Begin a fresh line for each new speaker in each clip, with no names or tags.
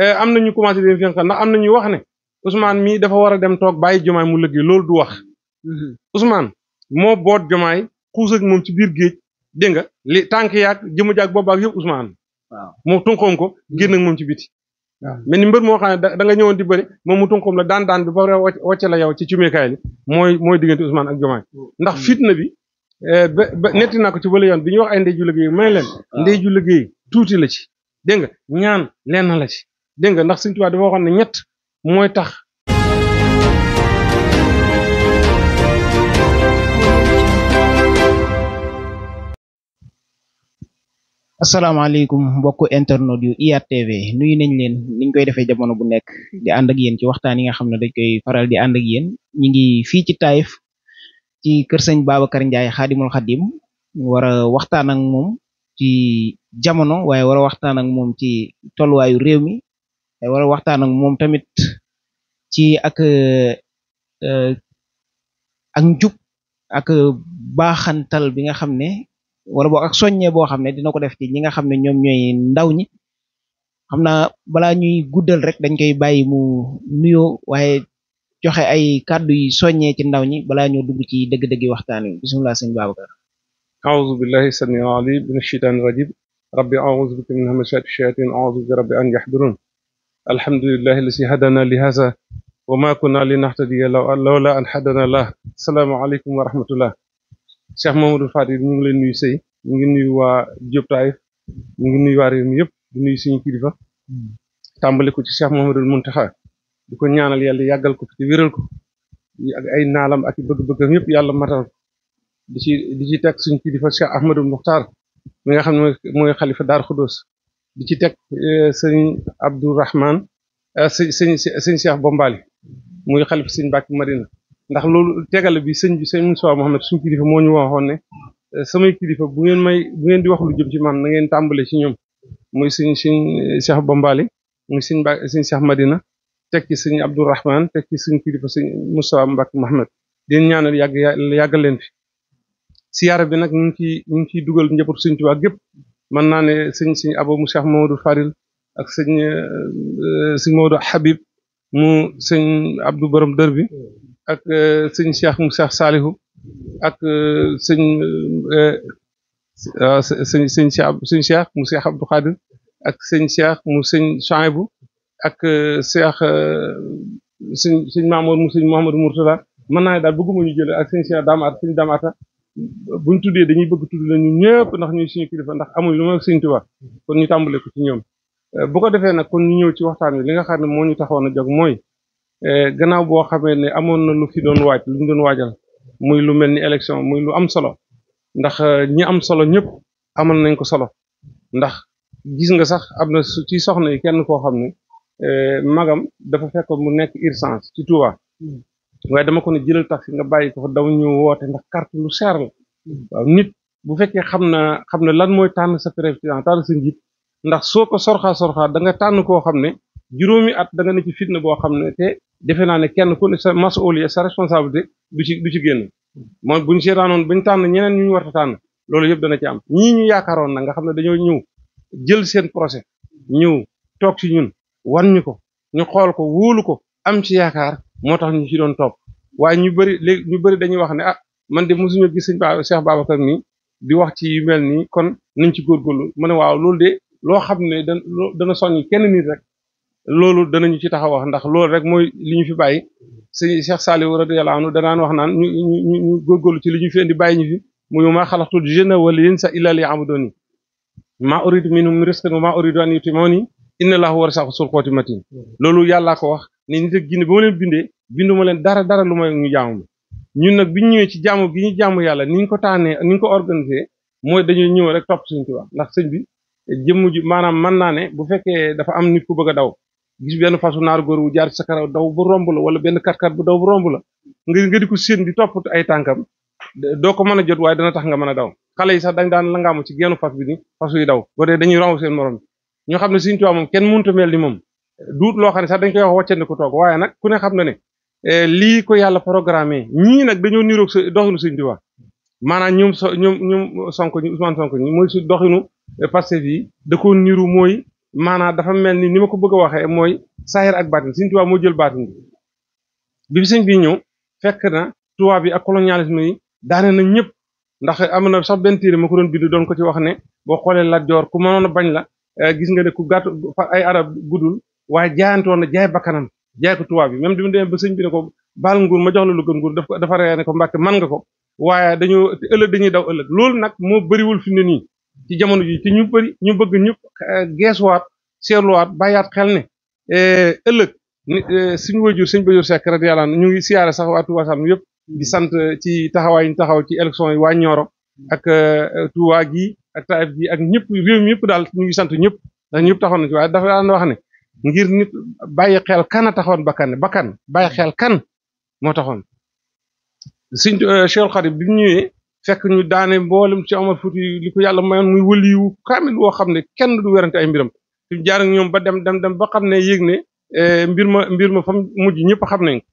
Eh, am na ñu commencé di fenqal ndax am na ñu wax ne Ousmane mii dafa war dem toog bàyyi jomaay mu lëggee loolu du wax mhm. Ousmane moo boot jomaay xuus moom ci biir géej dégg nga li tànk yaag jëmu jaag boobaak yëpp Ousmane moo tunqoom ko génn ak moom ci bit waaw mais ni mbër moo xam ne da nga ñëwoon di bëri moom mu tunqoom la daan daan bi ba wàcce la yow ci cumeekaay li mooy mooy diggante Ousmane ak jomaay mm. ndax fitna bi eh, ba netti naa ko ci wala yoon bi ñuy wax ay ndey ju liggéey may leen ndey tuuti la ci dégg nga ñaan lenn la ci dégg nga ndax Sëriñ Tuubaa dafa waxoon ne ñett mooy tax
asalaamaaleykum mbokku internet yu IATV nuyu nañ leen niñ koy defee jamono bu nekk di ànd ak yéen ci waxtaan yi nga xam ne dañ koy faral di ànd ak yéen ñi ngi fii ci Taïf ci kër sëñ Babacar Ndiaye xaadimul xadim war a waxtaan ak moom ci jamono waaye wara a waxtaan ak moom ci tolluwaayu réew mi wala a waxtaan ak moom tamit ci ak e, ak njub ak baaxantal bi nga xam ne wala boog ak soññe boo xam ne dina ko def ci ñi nga xam ne ñoom ñooy ndaw ñi xam naa balaa ñuy guddal rek dañ koy bàyyi mu nuyoo waaye joxe ay kàddu yi soññee ci ndaw ñi balaa ñoo dugg ci dëgg-dëggi waxtaan wi bisimilah sëñ Babacar
أعوذ بالله السميع العليم من الشيطان الرجيم ربي أعوذ alhamdulilah alladi hadana li haza wa ma kunna li nahtadiya lawla an hadana allah assalaamu aleykum wa rahmatullah Cheikh Mamadou Fadil ngi leen nuyu sëy ñu ngi nuyu waa Diop mu ngi nuyu waa réew mi yëpp di nuyu suñu ko ci Cheikh Mamadou Mountakha di ko ñaanal yàlla yàggal ko fi te wéral ko ak ay naalam ak bëgg-bëggam yëpp yàlla matal di ci di ci teg suñu kilifa Cheikh Ahmadou Moukhtar mi nga xam ne mooy xalifa Daaru Xudoos di ci teg eh, sëñ Abdourahman eh, sëñ sëñ sëñ Cheikh Bombali muy xalif sëñ Mbàkke Madina ndax loolu tegale bi sëñ bi sëñ Moussa Mohamed suñu kilifa moo ñu waxoon ne eh, samay kilifa bu ngeen may bu di wax lu jëm ci man na ngeen tàmbale ci ñoom muy sëñ sëñ Bombali muy sëñ Mbàkke sëñ Cheikh Madina teg ci sëñ Abdourahman teg ci suñu kilifa sëñ Moussa Mbàkke Mohamed di ñaanal yàgg leen fi siyaara bi nag ñu ki ñu ngi ciy dugal njabootu sëñ Tuubaa gépp mën naa ne sëñ sëñ abo mu Cheikh Mamadou Faril ak sëñ euh, euh, sëñ Mamadou Habib mu sëñ Abdou Borom Dër bi ak euh, sëñ Cheikh mu Cheikh Salihu ak sëñ sëñ sëñ sëñ Cheikh mu Cheikh Abdou Khadir ak sëñ Cheikh mu sëñ Chouaïbou ak Cheikh sëñ sëñ Mamour mu sëñ Mouhamadou Mourtala mën naa daal bëgguma ñu jël ak sëñ Cheikh Damaata buñ tuddee dañuy bëgg tudd la ñun ñëpp ndax ñuy suñu kilifa ndax amuñ lu ma sëñ Tuubaa kon ñu tàmbale ko ci ñoom euh, bu ko defee nag kon ñu ñëw ci waxtaan wi li nga xam ne moo ñu taxoon a jóg mooy euh, gannaaw boo xamee ne amoon na lu fi doon waaj lu ñu doon waajal muy lu mel ni élection muy lu am solo ndax euh, ñi am solo ñëpp amal nañ ko solo ndax gis nga sax am na ci soxna yi kenn koo xam ne magam dafa fekk mu nekk urgence ci Tuubaa hmm. waaye dama ko jël jëlal taxi nga bàyyi ko fa daw ñu woote ndax kart lu seer la waaw nit bu fekkee xam na xam ne lan mooy tànn sa président tànn sa njiit ndax soo ko sorxaa sorxaa da nga tànn koo xam ne juróomi at da nga ne ci fitna boo xam ne te defe naa ne kenn ku ne sa masuuliya sa responsabilité du ci du ci génn moom buñ seetaanoon bañ tànn ñeneen ñu ñu war a tànn loolu yëpp dana ci am ñii ñu yaakaaroon nag nga xam ne dañoo ñëw jël seen procès ñëw toog si ñun wan ñu ko ñu xool ko wóolu ko am ci yaakaar moo tax ñu ci doon topp waaye ñu bëri léegi ñu bëri dañuy wax ne ah man de mosuñu gis sëñ Ba Cheikh Babacar nii di wax ci yu mel kon nañ ci góorgóorlu ma ne waaw loolu de loo xam ne da dana soññ kenn nit rek loolu danañu ci taxaw wax ndax loolu rek mooy li ñu fi bàyyi sëñ Cheikh Saliou radiyallahu anhu danaan wax naan ñu ñu ñu góorgóorlu ci li ñu fi di bàyyi ñu fi muy maa xalaxtul jinna wal insa illa liya'budun maa uridu minhum min rizqin wa maa uridu an yutimuni inna lahu warsaxu sul xooti matin loolu yàllaa ko wax ne nit ma leen binduma leen dara dara lu may ñu jaamu ñun nag bi ñu ci jaamu gi ñu jaamu yàlla ni ñu ko taanee ni ñu ko organisé mooy dañuy ñëw rek topp Sëñ Tuubaa ndax sëñ bi jëmm ji maanaam man naa ne bu fekkee dafa am ni ku bëgg a daw gis benn fasu naaru góor wu jaar sa daw bu romb la wala benn katkat bu daw bu romb la nga nga di ko séen di ay tànkam doo ko mën a jot waaye dana tax nga mën a daw xale yi sax dañ daan langaamu ci geenu fas bi ni fasu yi daw boo dañuy raw seen morom ñoo xam ne Sëñ Tuubaa moom kenn mënut a mel ni moom duut loo xam ne sax dañ koy wax wàccandi ko toog waaye nag ku ne xam na ne Eh, lii ko yàlla programme yi ñii nag dañoo niroog sa doxinu Sëriñ Tuubaa maanaam ñoom so ñoom ñoom Sonko ñi Ousmane Sonko ñi mooy si doxinu eh, Pastef yi da koo niru mooy maanaam dafa mel ni ni ma ko bëgg a waxee mooy saahir ak baatin Sëriñ Tuubaa moo jël baatin bi bi sëñ bi ñëw fekk na tubaab bi ak colonialisme yi daane na ñëpp ndax am na sax benn téere ma ko doon bind doon ko ci wax ne boo xoolee Lat Joor ku mënoon a bañ la eh, gis nga ne ku gàtt ay arab guddul waaye jaayantoon na jaay bakkanam jaay ko tubaab bi même bi mu ba sëñ bi ne ko baal nguur ma jox la lu gën nguur daf ko dafa ree man nga ko waaye dañoo ëllëg dañuy daw ëllëg loolu nag moo bëriwul fi mu ne nii ci jamono ji te ñu bëri ñu bëgg ñëpp eh, geesuwaat seetluwaat bàyyaat xel ne eh, ëllëg eh, suñu wajur sëñ Bajor Seck radiyallahu anhu ñu ngi siyaare sax waa Touba Sam yëpp di sant ci taxawaay ñu taxaw ci élection yi waa Nioro ak Touba gi ak Taïf gi ak ñëpp réew mi daal ñu ngi sant ñëpp ndax ñëpp taxaw na ci waaye dafa daan wax ne ngir nit bàyyi xel kan a taxoon bakkan bakkan bàyyi xel kan moo taxoon suñ euh, Cheikh Xadim bi mu ñëwee fekk ñu daane mboolem ci Omar Fuuti li ko yàlla mayoon muy wëliwu kaamil woo xam ne kenn du werante mbiram fi jaar ñoom ba dem dem dem ba xam ne yéeg ne euh, mbir ma mbir ma fa mu mujj ñëpp xam nañ ko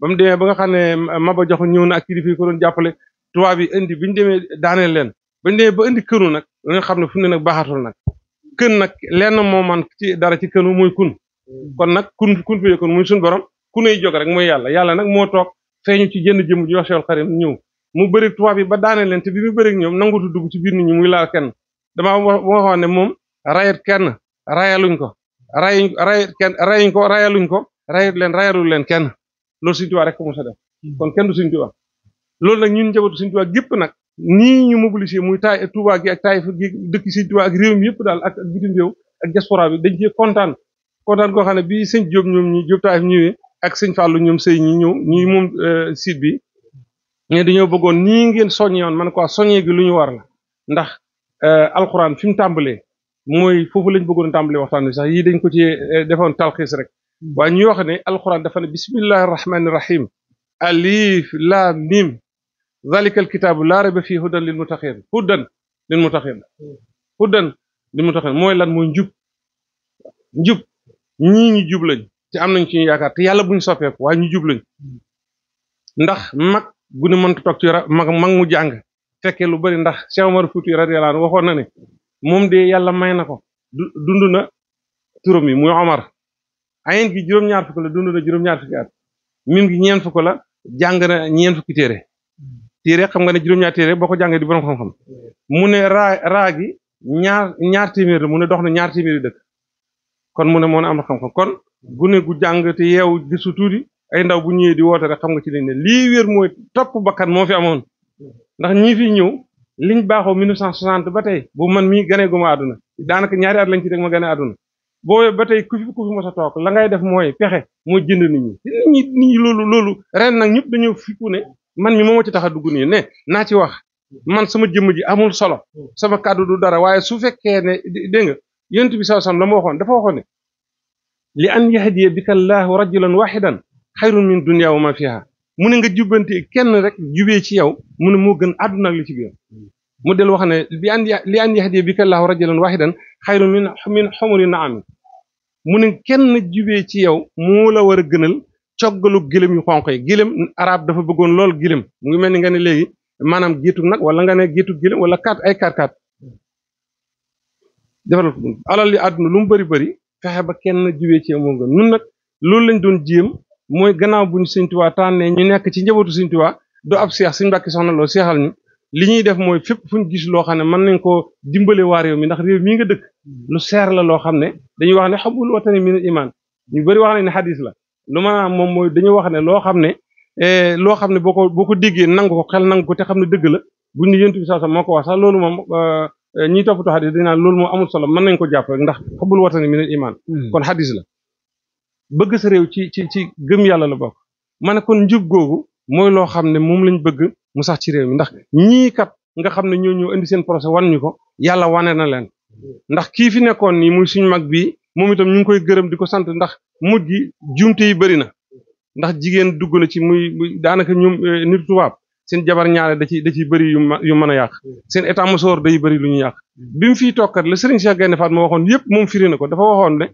ba mu ba nga xam ne Maba Jaxu ñëw na ak kilifa yi ko jàppale tubaab yi indi bi ñu demee daaneel leen ba ñu demee ba indi këru nag da nga xam ne fu mu ne nag baaxatul nag kën nag lenn moo man ci dara ci kënu muy kun mm. kon nag kun kun fi yëkkoon muy suñu borom kunay jog rek muy yàlla yàlla nag moo toog feeñu ci jënd jëm ji wax yool xarim ñëw mu bëri tubaab yi ba daane leen te bi mu bëri ñoom nangutu dugg ci biir nit ñi muy laal kenn damaa waxoon ne moom rayut kenn rayaluñ ko rayuñ rayut kenn rayuñ ko rayaluñ ko rayut leen rayalul leen kenn loolu Sëriñ Tuubaa rek ko mos a def mm. kon kenn du Sëriñ Tuubaa loolu nag nii ñu mobiliser muy taay Touba gi ak taay gi dëkk sëñ Touba ak réew mi yëpp daal ak ak bitim ak diaspora bi dañ cee kontaan kontaan koo xam ne bii sëñ Diop ñoom ñi Diop taay ak sëñ Fallou ñoom sëy ñi ñëw ñi moom euh, site bi mais dañoo bëggoon nii ngeen soññee woon man quoi soññee gi lu ñu war la ndax euh, alxuraan fi mu tàmbalee mooy foofu lañ bëggoon tàmbalee waxtaan wi sax yii dañ ko ci euh, defoon talxiis rek hmm. waaye ñuy wax ne alxuraan dafa ne bismillahi rahmaani rahim alif laam zalika alkitaabu laa rayba fii hudan lil muttaqiin hudan lil muttaqiin hudan lil muttaqiin mooy lan mooy njub njub ñii ñu jub lañ te am nañ ci ñu yaakaar te yàlla buñ soppeeku waaye ñu jub lañ ndax mag gu ne mënta toog ci mag mag mu jàng fekkee lu bari ndax Cheikh Omar Fouti radiyallahu anhu waxoon na ne moom de yàlla may na ko dund na turam yi muy Omar ayen gi juróom-ñaar fukk la dund na juróom-ñaar fukki at min gi ñeent fukk la jàng na ñeent fukki téere téere xam nga ne juróom-ñaar téere boo ko jàngee di borom xam-xam mu ne raa raa gi ñaar ñaar téeméer la mu dox na ñaar téeméeri dëkk kon mu ne moo na am xam-xam kon gune gu jàng te yeewu gisu tuuti ay ndaw bu ñëwee di woote rek xam nga ci lañ ne lii mooy topp bakkan moo fi amoon ndax ñii fi ñëw liñ baaxoo 1960 ba tey bu man mii ganee guma àdduna daanaka ñaari at lañ ci teg ma ganee àdduna boobu ba tey ku fi ku fi mos a toog la ngay def mooy pexe moo jënd nit ñi man mi mooma ci tax a dugg nii ne naa ci wax man sama jëmm ji amul solo sama kaddu du dara waaye su fekkee ne dégg nga yonent bi sallallahu alayhi la ma waxoon dafa waxoon ne li an yahdiya bika allahu rajulan wahidan xayrun min dunya wa ma fiha mu ne nga jubbante kenn rek jubee ci yow mu ne moo gën àdduna ak li ci biir mu del wax ne li an li an yahdiya bika allahu rajulan wahidan xayrun min min xumuri naam mu ne kenn jubee ci yow moo la war a gënal coggalu gilim yu xonq yi gilim araab dafa bëggoon lool gilim mu ngi mel ni nga ne léegi maanaam giitu nag wala nga ne giitu gilim wala kat ay kat kat defal alal yi àdduna lu mu bëri bëri fexe ba kenn jiwee ci amoo gën nun nag loolu lañ doon jéem mooy gannaaw bu ñu Sëñ Tuubaa ñu nekk ci njabootu Sëñ Tuubaa doo ab soxna loo seexal ñu li ñuy def mooy fépp fu ñu gis loo xam ne mën nañ koo dimbale waa réew mi ndax réew mii nga dëkk lu seer la loo xam ne dañuy wax ne xabul watani minal iman ñu bëri wax nañ ne xadis la lu ma naan moom mooy dañu wax ne loo xam ne eh, loo xam ne boo ko boo ko déggee nangu ko xel nangu ko te xam ne dëgg la buñ ne yonent bi saa sax moo ko wax sax loolu moom euh, ñiy toppatoo xadis dañ naan loolu moom amul solo mën nañ ko jàpp rek ndax xubbul watani minal iman hmm. kon xadis la bëgg sa réew ci ci ci gëm yàlla la bokk ma ne kon njub googu mooy loo xam ne moom lañ bëgg mu sax ci réew mi ndax ñii kat nga xam ne ñoo ñëw indi seen procès wan ñu ko yàlla wane na leen ndax kii fi nekkoon muy suñu mag bii moom itam ñu ngi koy gërëm di ko sant ndax mujj gi jumte yi bëri na ndax jigéen dugg na ci muy daanaka ñoom eh, nit tubaab seen jabar ñaare da ciy da ciy bëri yu yu mën a yàq seen état mosoor day bëri lu ñu yàq bi mu fiy tokkat la Serigne Cheikh Gaynde Fatma waxoon yëpp moom firi na ko dafa waxoon ne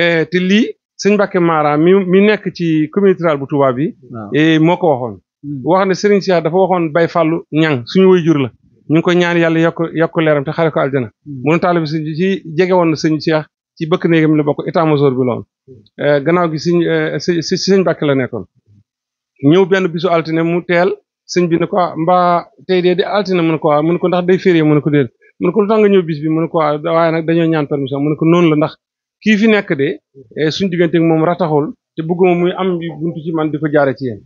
eh, te lii sëñ Mbacke Mara mi mi nekk ci communauté bu tubaab bi eh, moo ko waxoon hmm. wax ne Serigne dafa waxoon Baye Fallou ñang suñu waajur la ñu ngi koy ñaan yàlla yokk yokk leeram te xare ko hmm. jege woon na sëñ ci bëkk néegam la bokk état major bi loon euh, gannaaw gi siñ si sëñ euh, Mbàkke la nekkoon ñëw benn bisu altine mu teel sëñ bi ne ko mbaa tey dee di altine mu ne ko waaw mu ne ko ndax day férié mu ne ko déet mu ne ko lu tax nga ñëw bis bi mu ne ko waaw waaye nag dañoo ñaan permission mu ne ko noonu la ndax kii fi nekk de euh, suñ digganteeg moom rataxul te bëgguma muy am buntu ci man di ko jaare ci yéen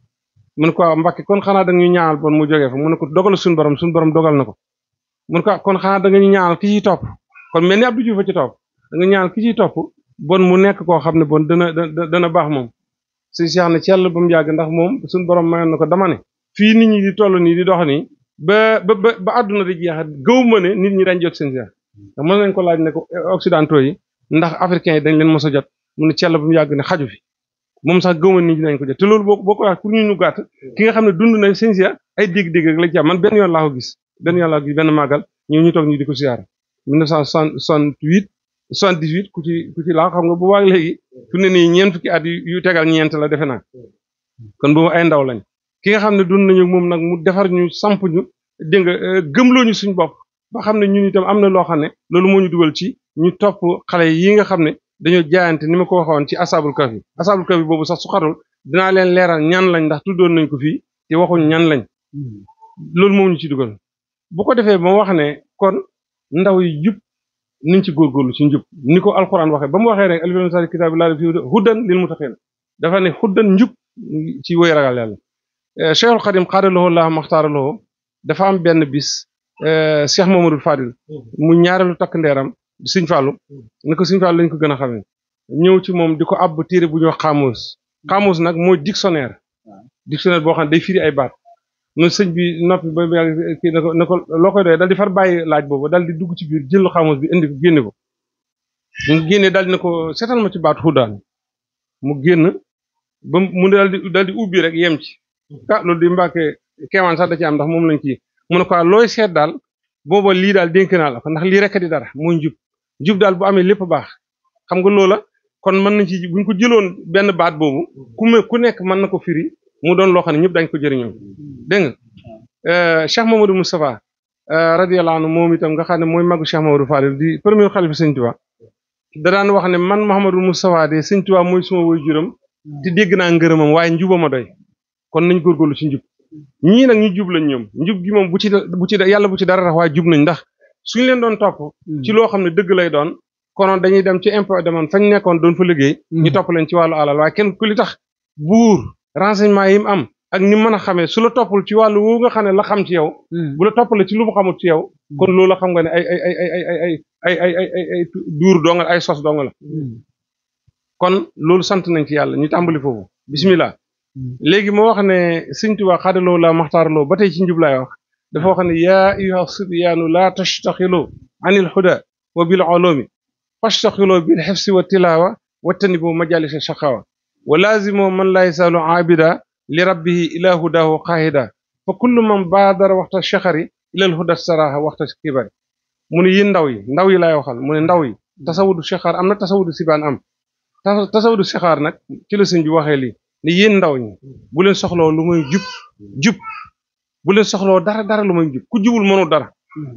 mu ne ko waaw Mbàkke kon xanaa da nga ñu ñaanal bon mu jógee fa mu ne ko dogal suñu borom suñu borom dogal na ko mu ne ko ah, kon xanaa da nga ñu ñaanal ki ci topp kon mel ni Abdou Diouf a ci topp da nga ñaan ki ciy topp bon mu nekk koo xam ne bon dana dana baax moom suñ seex ne cell ba mu yàgg ndax moom suñ borom ma na ko dama ne fii nit ñi di toll nii di dox nii ba ba ba àdduna di jeexat gëw ma ne nit ñi dañ jot seen seex ndax mën nañ ko laaj ne ko eh, occidentaux yi ndax africains yi dañ leen mos a jot mu ne cell ba mu yàgg ne xaju fi moom sax gëw ma nit ñi dañ ko jot te loolu boo boo ko wax pour ñu ñu ki nga xam ne dund na seen seex ay dégg-dégg rek la ci am man benn yoon laa ko gis benn yoon laa ko gis ñu toog ñu di ko soixante-dix-huit ku ci ku ci xam nga bu baax léegi fu ne nii ñeent fukki at yu tegal ñeent la defe naa kon boobu ay ndaw lañ ki nga xam ne dund nañu moom nag mu defar ñu samp ñu dégg nga euh, gëmloo suñu bopp ba xam ne ñun itam am na loo xam ne loolu moo ñu dugal ci ñu topp xale yi nga xam ne dañoo jaayante ni ma ko waxoon ci asaabul kahfi asaabul kahfi boobu sax su xatul dinaa leen leeral ñan lañ ndax tuddoon nañ ko fii te waxuñ ñan lañ hmm. loolu moom ñu ci dugal bu ko defee ba wax ne kon ndaw yi jub niñ ci góorgóorlu ci njub ni ko alxuraan waxee ba mu waxee rek alif lam mim kitaabi laa fi huddan lil muttaqiin dafa ne huddan njub ci woy ragal yàlla eh, cheikhul xadim xaaraloo laa maxtaaraloo dafa am benn bis eh, cheikh mamadul fadil mu ñaareelu takk ndeeram sëñ fàllu ni ko sëñ fàllu lañ ko gën a xamee ñëw ci moom di ko ab téere bu ñuy wax xaamuus xaamuus nag mooy dictionnaire dictionnaire boo xam ne day firi ay baat noonu sëñ bi noppi ba kii na ko na ko loo koy doyee dal far bàyyi laaj boobu dal di dugg ci biir jël xamus bi indi ko génne ko mu génne dal na ko seetal ma ci baatu xudaan mu génn ba mu dal di dal di ubbi rek yem ci ah loolu sax da ci am moom lañ ci mu ne ko ah, looy seet daal booba lii daal dénk naa la ko ndax lii rek di dara mooy njub njub daal bu amee lépp baax xam nga loola kon mën na ci buñ ko jëloon benn baat boobu ku me ku nekk mën na ko firi mu doon loo xam ne ñëpp dañ ko jëriñoo dégg nga euh, Cheikh Mamadou Moustapha euh, radiyallahu anhu moom itam nga xam ne mooy magu Cheikh Mamadou Fadil di premier xalifa Sëñ Tuubaa da daan wax ne man Mouhamadou Moustapha de Sëñ Tuubaa mooy suma woy juram di dégg naa ngërëmam waaye njuba ma doy kon nañ góorgóorlu ci njub ñii nag ñu jub ñoom njub gi moom bu ci bu ci yàlla bu ci dara tax waaye jub nañ ndax suñu leen doon topp ci loo xam ne dëgg lay doon konoon dañuy dem ci impôt demoon fañ nekkoon doon fa liggéey ñu topp leen ci wàllu alal waaye kenn ku li tax buur renseignement yi mu am ak ni mën a xamee su la toppul ci wàllu woowu nga xam ne la xam ci yow. bu la toppalee ci lu mu xamul ci yow. kon la xam nga ne ay ay ay ay ay ay ay ay ay ay duur dong la ay sos dong la. kon loolu sant nañ ci yàlla ñu tàmbali foofu bismillah léegi moo wax ne Sëñ Tuubaa xaadaloo la maxtaaraloo ba tey ci njub laay wax dafa wax ne yaa ayyuha sibyaanu laa tastaxilu anil huda wa bil ulumi fastaxilu bil xifsi wa tilawa wattanibu majalisa shaqawa wa laazimo man laa salo aabida li rabbihi ilaa hudaahu xaahida fa kullu man baadara waxta chexari ilal huda saraha waxta kibari mu ne yéen ndaw yi ndaw yi laay waxal mu ne ndaw yi tasawudu chexaar am na tasawudu sibaan am tasawudu chexaar nag ci la sëñ waxee lii ne yéen ndaw ñi bu leen soxloo lu muy jub jub bu leen soxloo dara dara lu muy jub ku jubul mënu dara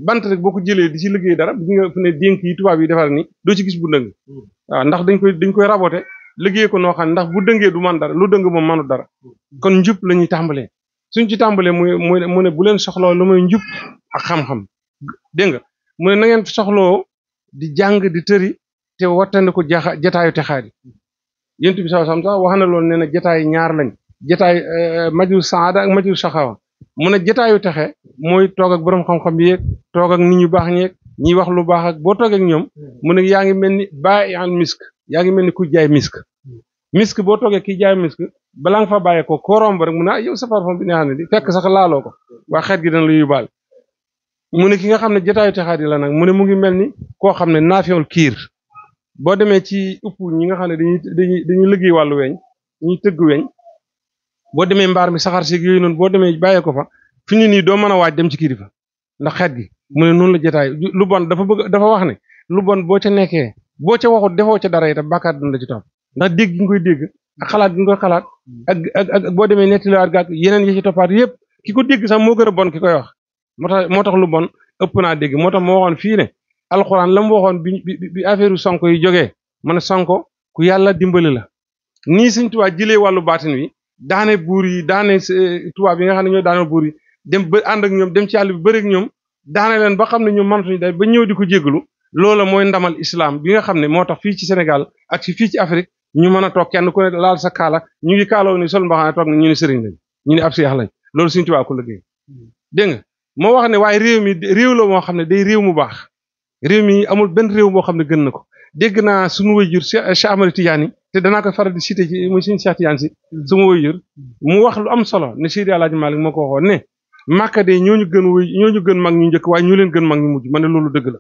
bant rek boo ko jëlee di ci liggéey dara bi nga fi ne dénk yi tubaab yi defar ni doo ci gis bu ndëng waaw ndax dañ koy dañ liggéey ko noo xam ndax bu dëngee du man dara lu dëng moom manu dara kon njub la ñuy tàmbalee suñ ci tàmbalee muy mu ne bu leen soxloo lu may njub ak xam-xam dégg nga mu ne na ngeen soxloo di jàng di tëri te wattandi ko jaaxa jataayu texaadi yént bi saw sam sax wax na loolu nee na jataay ñaar lañ jataay eh, maju saada ak maju saxawa mu ne jataayu texe mooy toog ak boroom xam-xam yeeg toog ak nit ñu baax ñeeg wax lu baax ak boo toog ak ñoom mu ne yaa ngi mel ni bàyyi yaa ngi mel ni ku jaay misk hmm. misk boo toogee ki jaay misk balaa nga fa bàyyeekoo ko romb rek mu ne ah yow sa parfum bi neexal na sax laaloo ko waa xeet gi dana la yóbbaale mu ne ki nga xam ne jotaayu texaat yi la nag mu ne mu ngi mel ni koo xam ne naafewul kiir boo demee ci ëpp ñi nga xam ne dañuy dañuy dañuy liggéey wàllu weñ ñuy tëgg weñ boo demee mbaar mi saxaar si yooyu noonu boo demee bàyyee fa fi ñu nii doo mën a waaj dem ci kii di fa ndax xeet gi mu ne noonu la jotaay lu bon dafa bëgg dafa wax ne lu bon boo ca nekkee boo ca waxut defoo ca dara itam bàkkaar dina la ci topp ndax dégg gi nga koy dégg ak xalaat gi nga koy xalaat ak ak ak boo demee nettaliwaat gàkk yeneen yi ci toppaat yëpp ki ko dégg sax moo gën a bon ki koy wax moo tax moo tax lu bon ëpp naa dégg moo tax moo waxoon fii ne alxuraan la mu waxoon bi bi affaire Sonko yi jógee man Sonko ku yàlla dimbali la nii suñ tubaab jëlee wàllu baatin wi daane buur yi daane eh, tubaab yi nga xam ne ñoo daane buur yi dem ba ànd ak ñoom dem ci àll bi bëri ñoom daane leen ba xam ne ñoom mënatuñu day ba ñëw di ko jégalu loolu mooy ndamal islam bi nga xam ne moo tax fii ci Sénégal ak si fii ci Afrique ñu mën a toog kenn ku ne laal sa kaala ñu ngi kaaloo ni sol mbaxana toog ne ñu ne sëriñ lañ ñu ni ab seex lañ loolu Sëriñ Tuubaa ko liggéey dégg nga moo wax ne waaye réew mi réew la moo xam ne day réew mu baax réew mi amul benn réew moo xam ne gën na ko dégg naa suñu wayjur Cheikh Ahmadou Tidiane te danaa ko faral di site ci muy suñu Cheikh Tidiane mu wax lu am solo ne Seydi Alaaji Maalik moo ko waxoon ne Màkka de ñooñu gën wéy ñooñu gën mag ñu njëkk waaye ñu leen gën mag ñu ne loolu dëgg la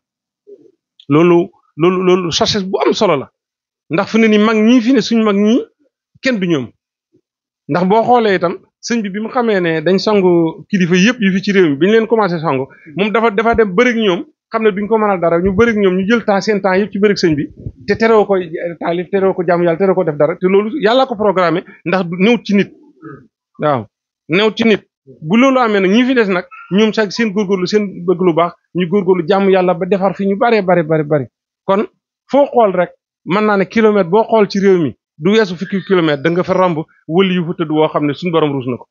loolu loolu loolu sagesse bu am solo la ndax fu ne ni mag ñii fi ne suñ mag ñii kenn du ñoom ndax boo xoolee itam sëñ bi bi mu xamee ne dañ sangu kilifa yëpp yu fi ci réew mi bi ñu leen commencé sangu moom dafa dafa dem bëri ak ñoom xam ne duñ ko mënal dara ñu bëri ak ñoom ñu jël temps seen temps ci bëri ak bi te teroo ko taalif teroo ko jaamu yal teroo ko def dara te loolu yàlla ko programmé ndax néewut ci nit hmm. waaw néewut ci bu loolu amee nag ñi fi des nag ñoom sax seen góorgóorlu seen bëgg lu baax ñu góorgóorlu jàmm yàlla ba defar fi ñu baree bari bari bari kon foo xool rek mën naa ne kilomètre boo xool ci réew mi du weesu fukki kilomètre da nga fa ramb wëli yu fa tëdd woo xam ne suñ borom ruus na ko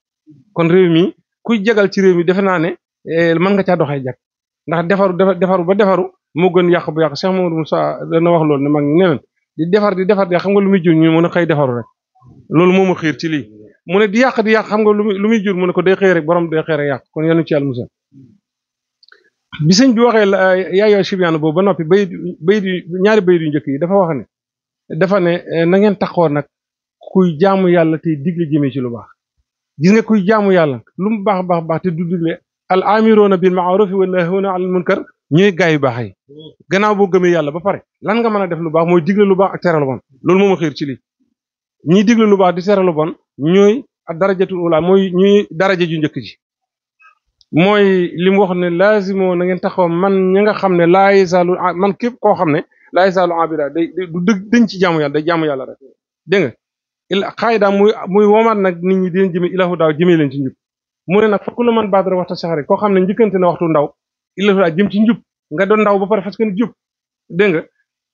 kon réew mi kuy jagal ci réew mi defe naa ne eh, mën nga caa doxee jag ndax defaru defaru ba defaru moo gën yàq bu yàq Cheikh Mamadou Moussa dana wax loolu ne mag ñi ne leen di defar di defar di xam nga lu muy jur ñu mën a xëy defaru rek mu ne di yàq di yàq xam nga lu muy lu muy jur mu ne ko day xëy rek borom day xëy rek yàq kon yenu ci yàlla musal bi waxee bi waxee yaayoo sibiyaanu boobu ba noppi bay bay ñaari bay yu njëkk yi dafa wax ne dafa ne eh, na ngeen taxoo nag kuy jaamu yàlla te digle jëmee ci lu baax gis nga kuy jaamu yàlla lu mu baax baax baax te du digle al amiroona bil maarufi wa nahuna al munkar ñooy gaa yu baax yi gannaaw boo gëmee yàlla ba pare lan nga mën a def lu baax mooy digle lu baax ak tere lu bon ñiy diglu lu baax di seere lu bon ñooy darajatul ula mooy ñuy daraja ju njëkk ji mooy li mu wax ne laazimo na ngeen taxaw man ña nga xam ne laay saalu man képp koo xam ne laay saalu abida day du dëgg dañ ci jaamu yal day jaamu yàlla rek dégg nga il xaayida muy muy woomaat nag nit ñi di leen jëme ilahu daaw jëmee ci njub mu ne nag fakku la man baadara waxta saxari koo xam ne njëkkante na waxtu ndaw ilahu daaw jëm ci njub nga doon ndaw ba pare fas kene jub dégg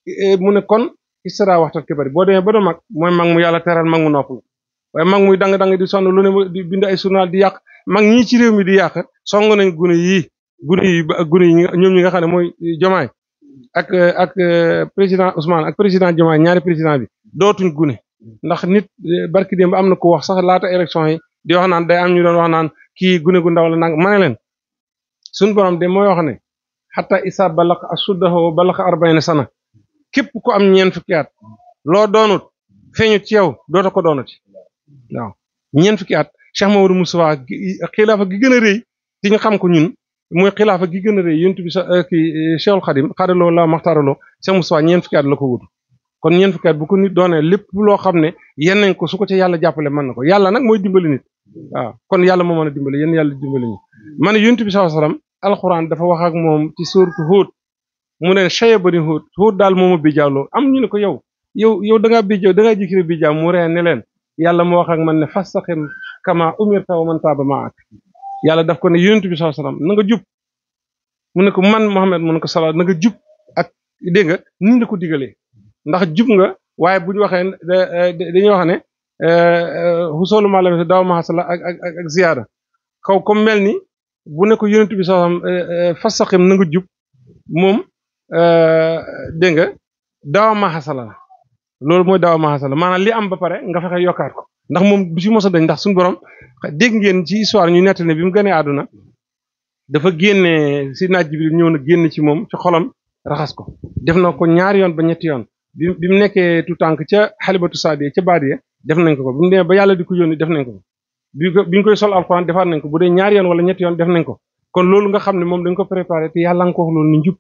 eh, kon istara waxtaan ki bari boo demee ba doon mag mooy mag mu yàlla teral mag mu noppalu waaye mag muy dang dang di sonn lu ne di bind ay journal di yàq mag ñi ci réew mi di yàq song nañ gune yii gune yi gune yi ñoom ñi nga xam ne mooy Jomaay ak ak président Ousmane ak président Jomaay ñaari président bi dootuñ gune ndax nit barki démb am na ko wax sax laata élection yi di wax naan day am ñu doon wax naan kii gune gu ndaw la nang ma ne leen suñ borom de mooy wax ne xata isa balax asuddaho balax arbayna sana képp ku am ñeent fukki at loo doonut feeñut ci yow doota ko doonut waaw ñeent fukki at Cheikh Mamadou Moustapha xilaafa gi gën a rëy ci ñu xam ko ñun mooy xilaafa gi gën a rëy yonent bi eh, kii a eh, Khadim xaaraloo la maxtaaraloo Cheikh Moustapha ñeent fukki at la ko wut kon ñen fukki at ko nit doonee lépp loo xam ne yenn nañ ko su ko yàlla jàppale man na ko yàlla nag mooy dimbali nit waaw kon yàlla moo mën a dimbali yéen yàlla dimbali ñu ma bi sallallahu alayhi wasallam dafa wax moom ci suuratu Huud mu ne shayabani Huud Huud daal moo ma bijaaloo am ñu ne ko yow yow yow da ngaa bijjoo da ngaa jikiri bijjaam mu ree ne leen yàlla moo wax ak man ne fastaqim kama umirta wa man taaba maak yàlla daf ko ne yonent bi sallallahu alayhi wasallam na jub mu ne ko man Muhammad mu ne ko sallallahu na nga jub ak dégg nga ni la ko digalee ndax jub nga waaye bu ñu waxee dañuy wax ne xusoolu euh, maalami daaw mahasala ak ak ak ziyaada kaw comme mel ni bu ne ko yonent bi sallallahu alayhi wasallam euh, euh, fastaqim na nga jub moom Euh, dégg nga daaw ma la loolu mooy daaw ma xasala maanaam li am ba pare nga fexe yokkaat ko ndax moom du si mos a dañ ndax suñu borom dégg ngeen ci histoire ñu nettali ne bi mu gënee àdduna dafa génne si naaj Jibril ñëw na génn ci moom ci xolam raxas ko def na ko ñaari yoon ba ñetti yoon bi bi mu nekkee tout tànk ca xalibatu saadiya ca baadiya def nañ ko ko bi mu demee ko yónni def nañ ko bi ko bi ñu koy sol alxuraan defaat nañ ko bu dee ñaari yoon wala ñetti yoon def nañ ko kon loolu nga xam ne moom dañ ko préparé te yàlla loolu njub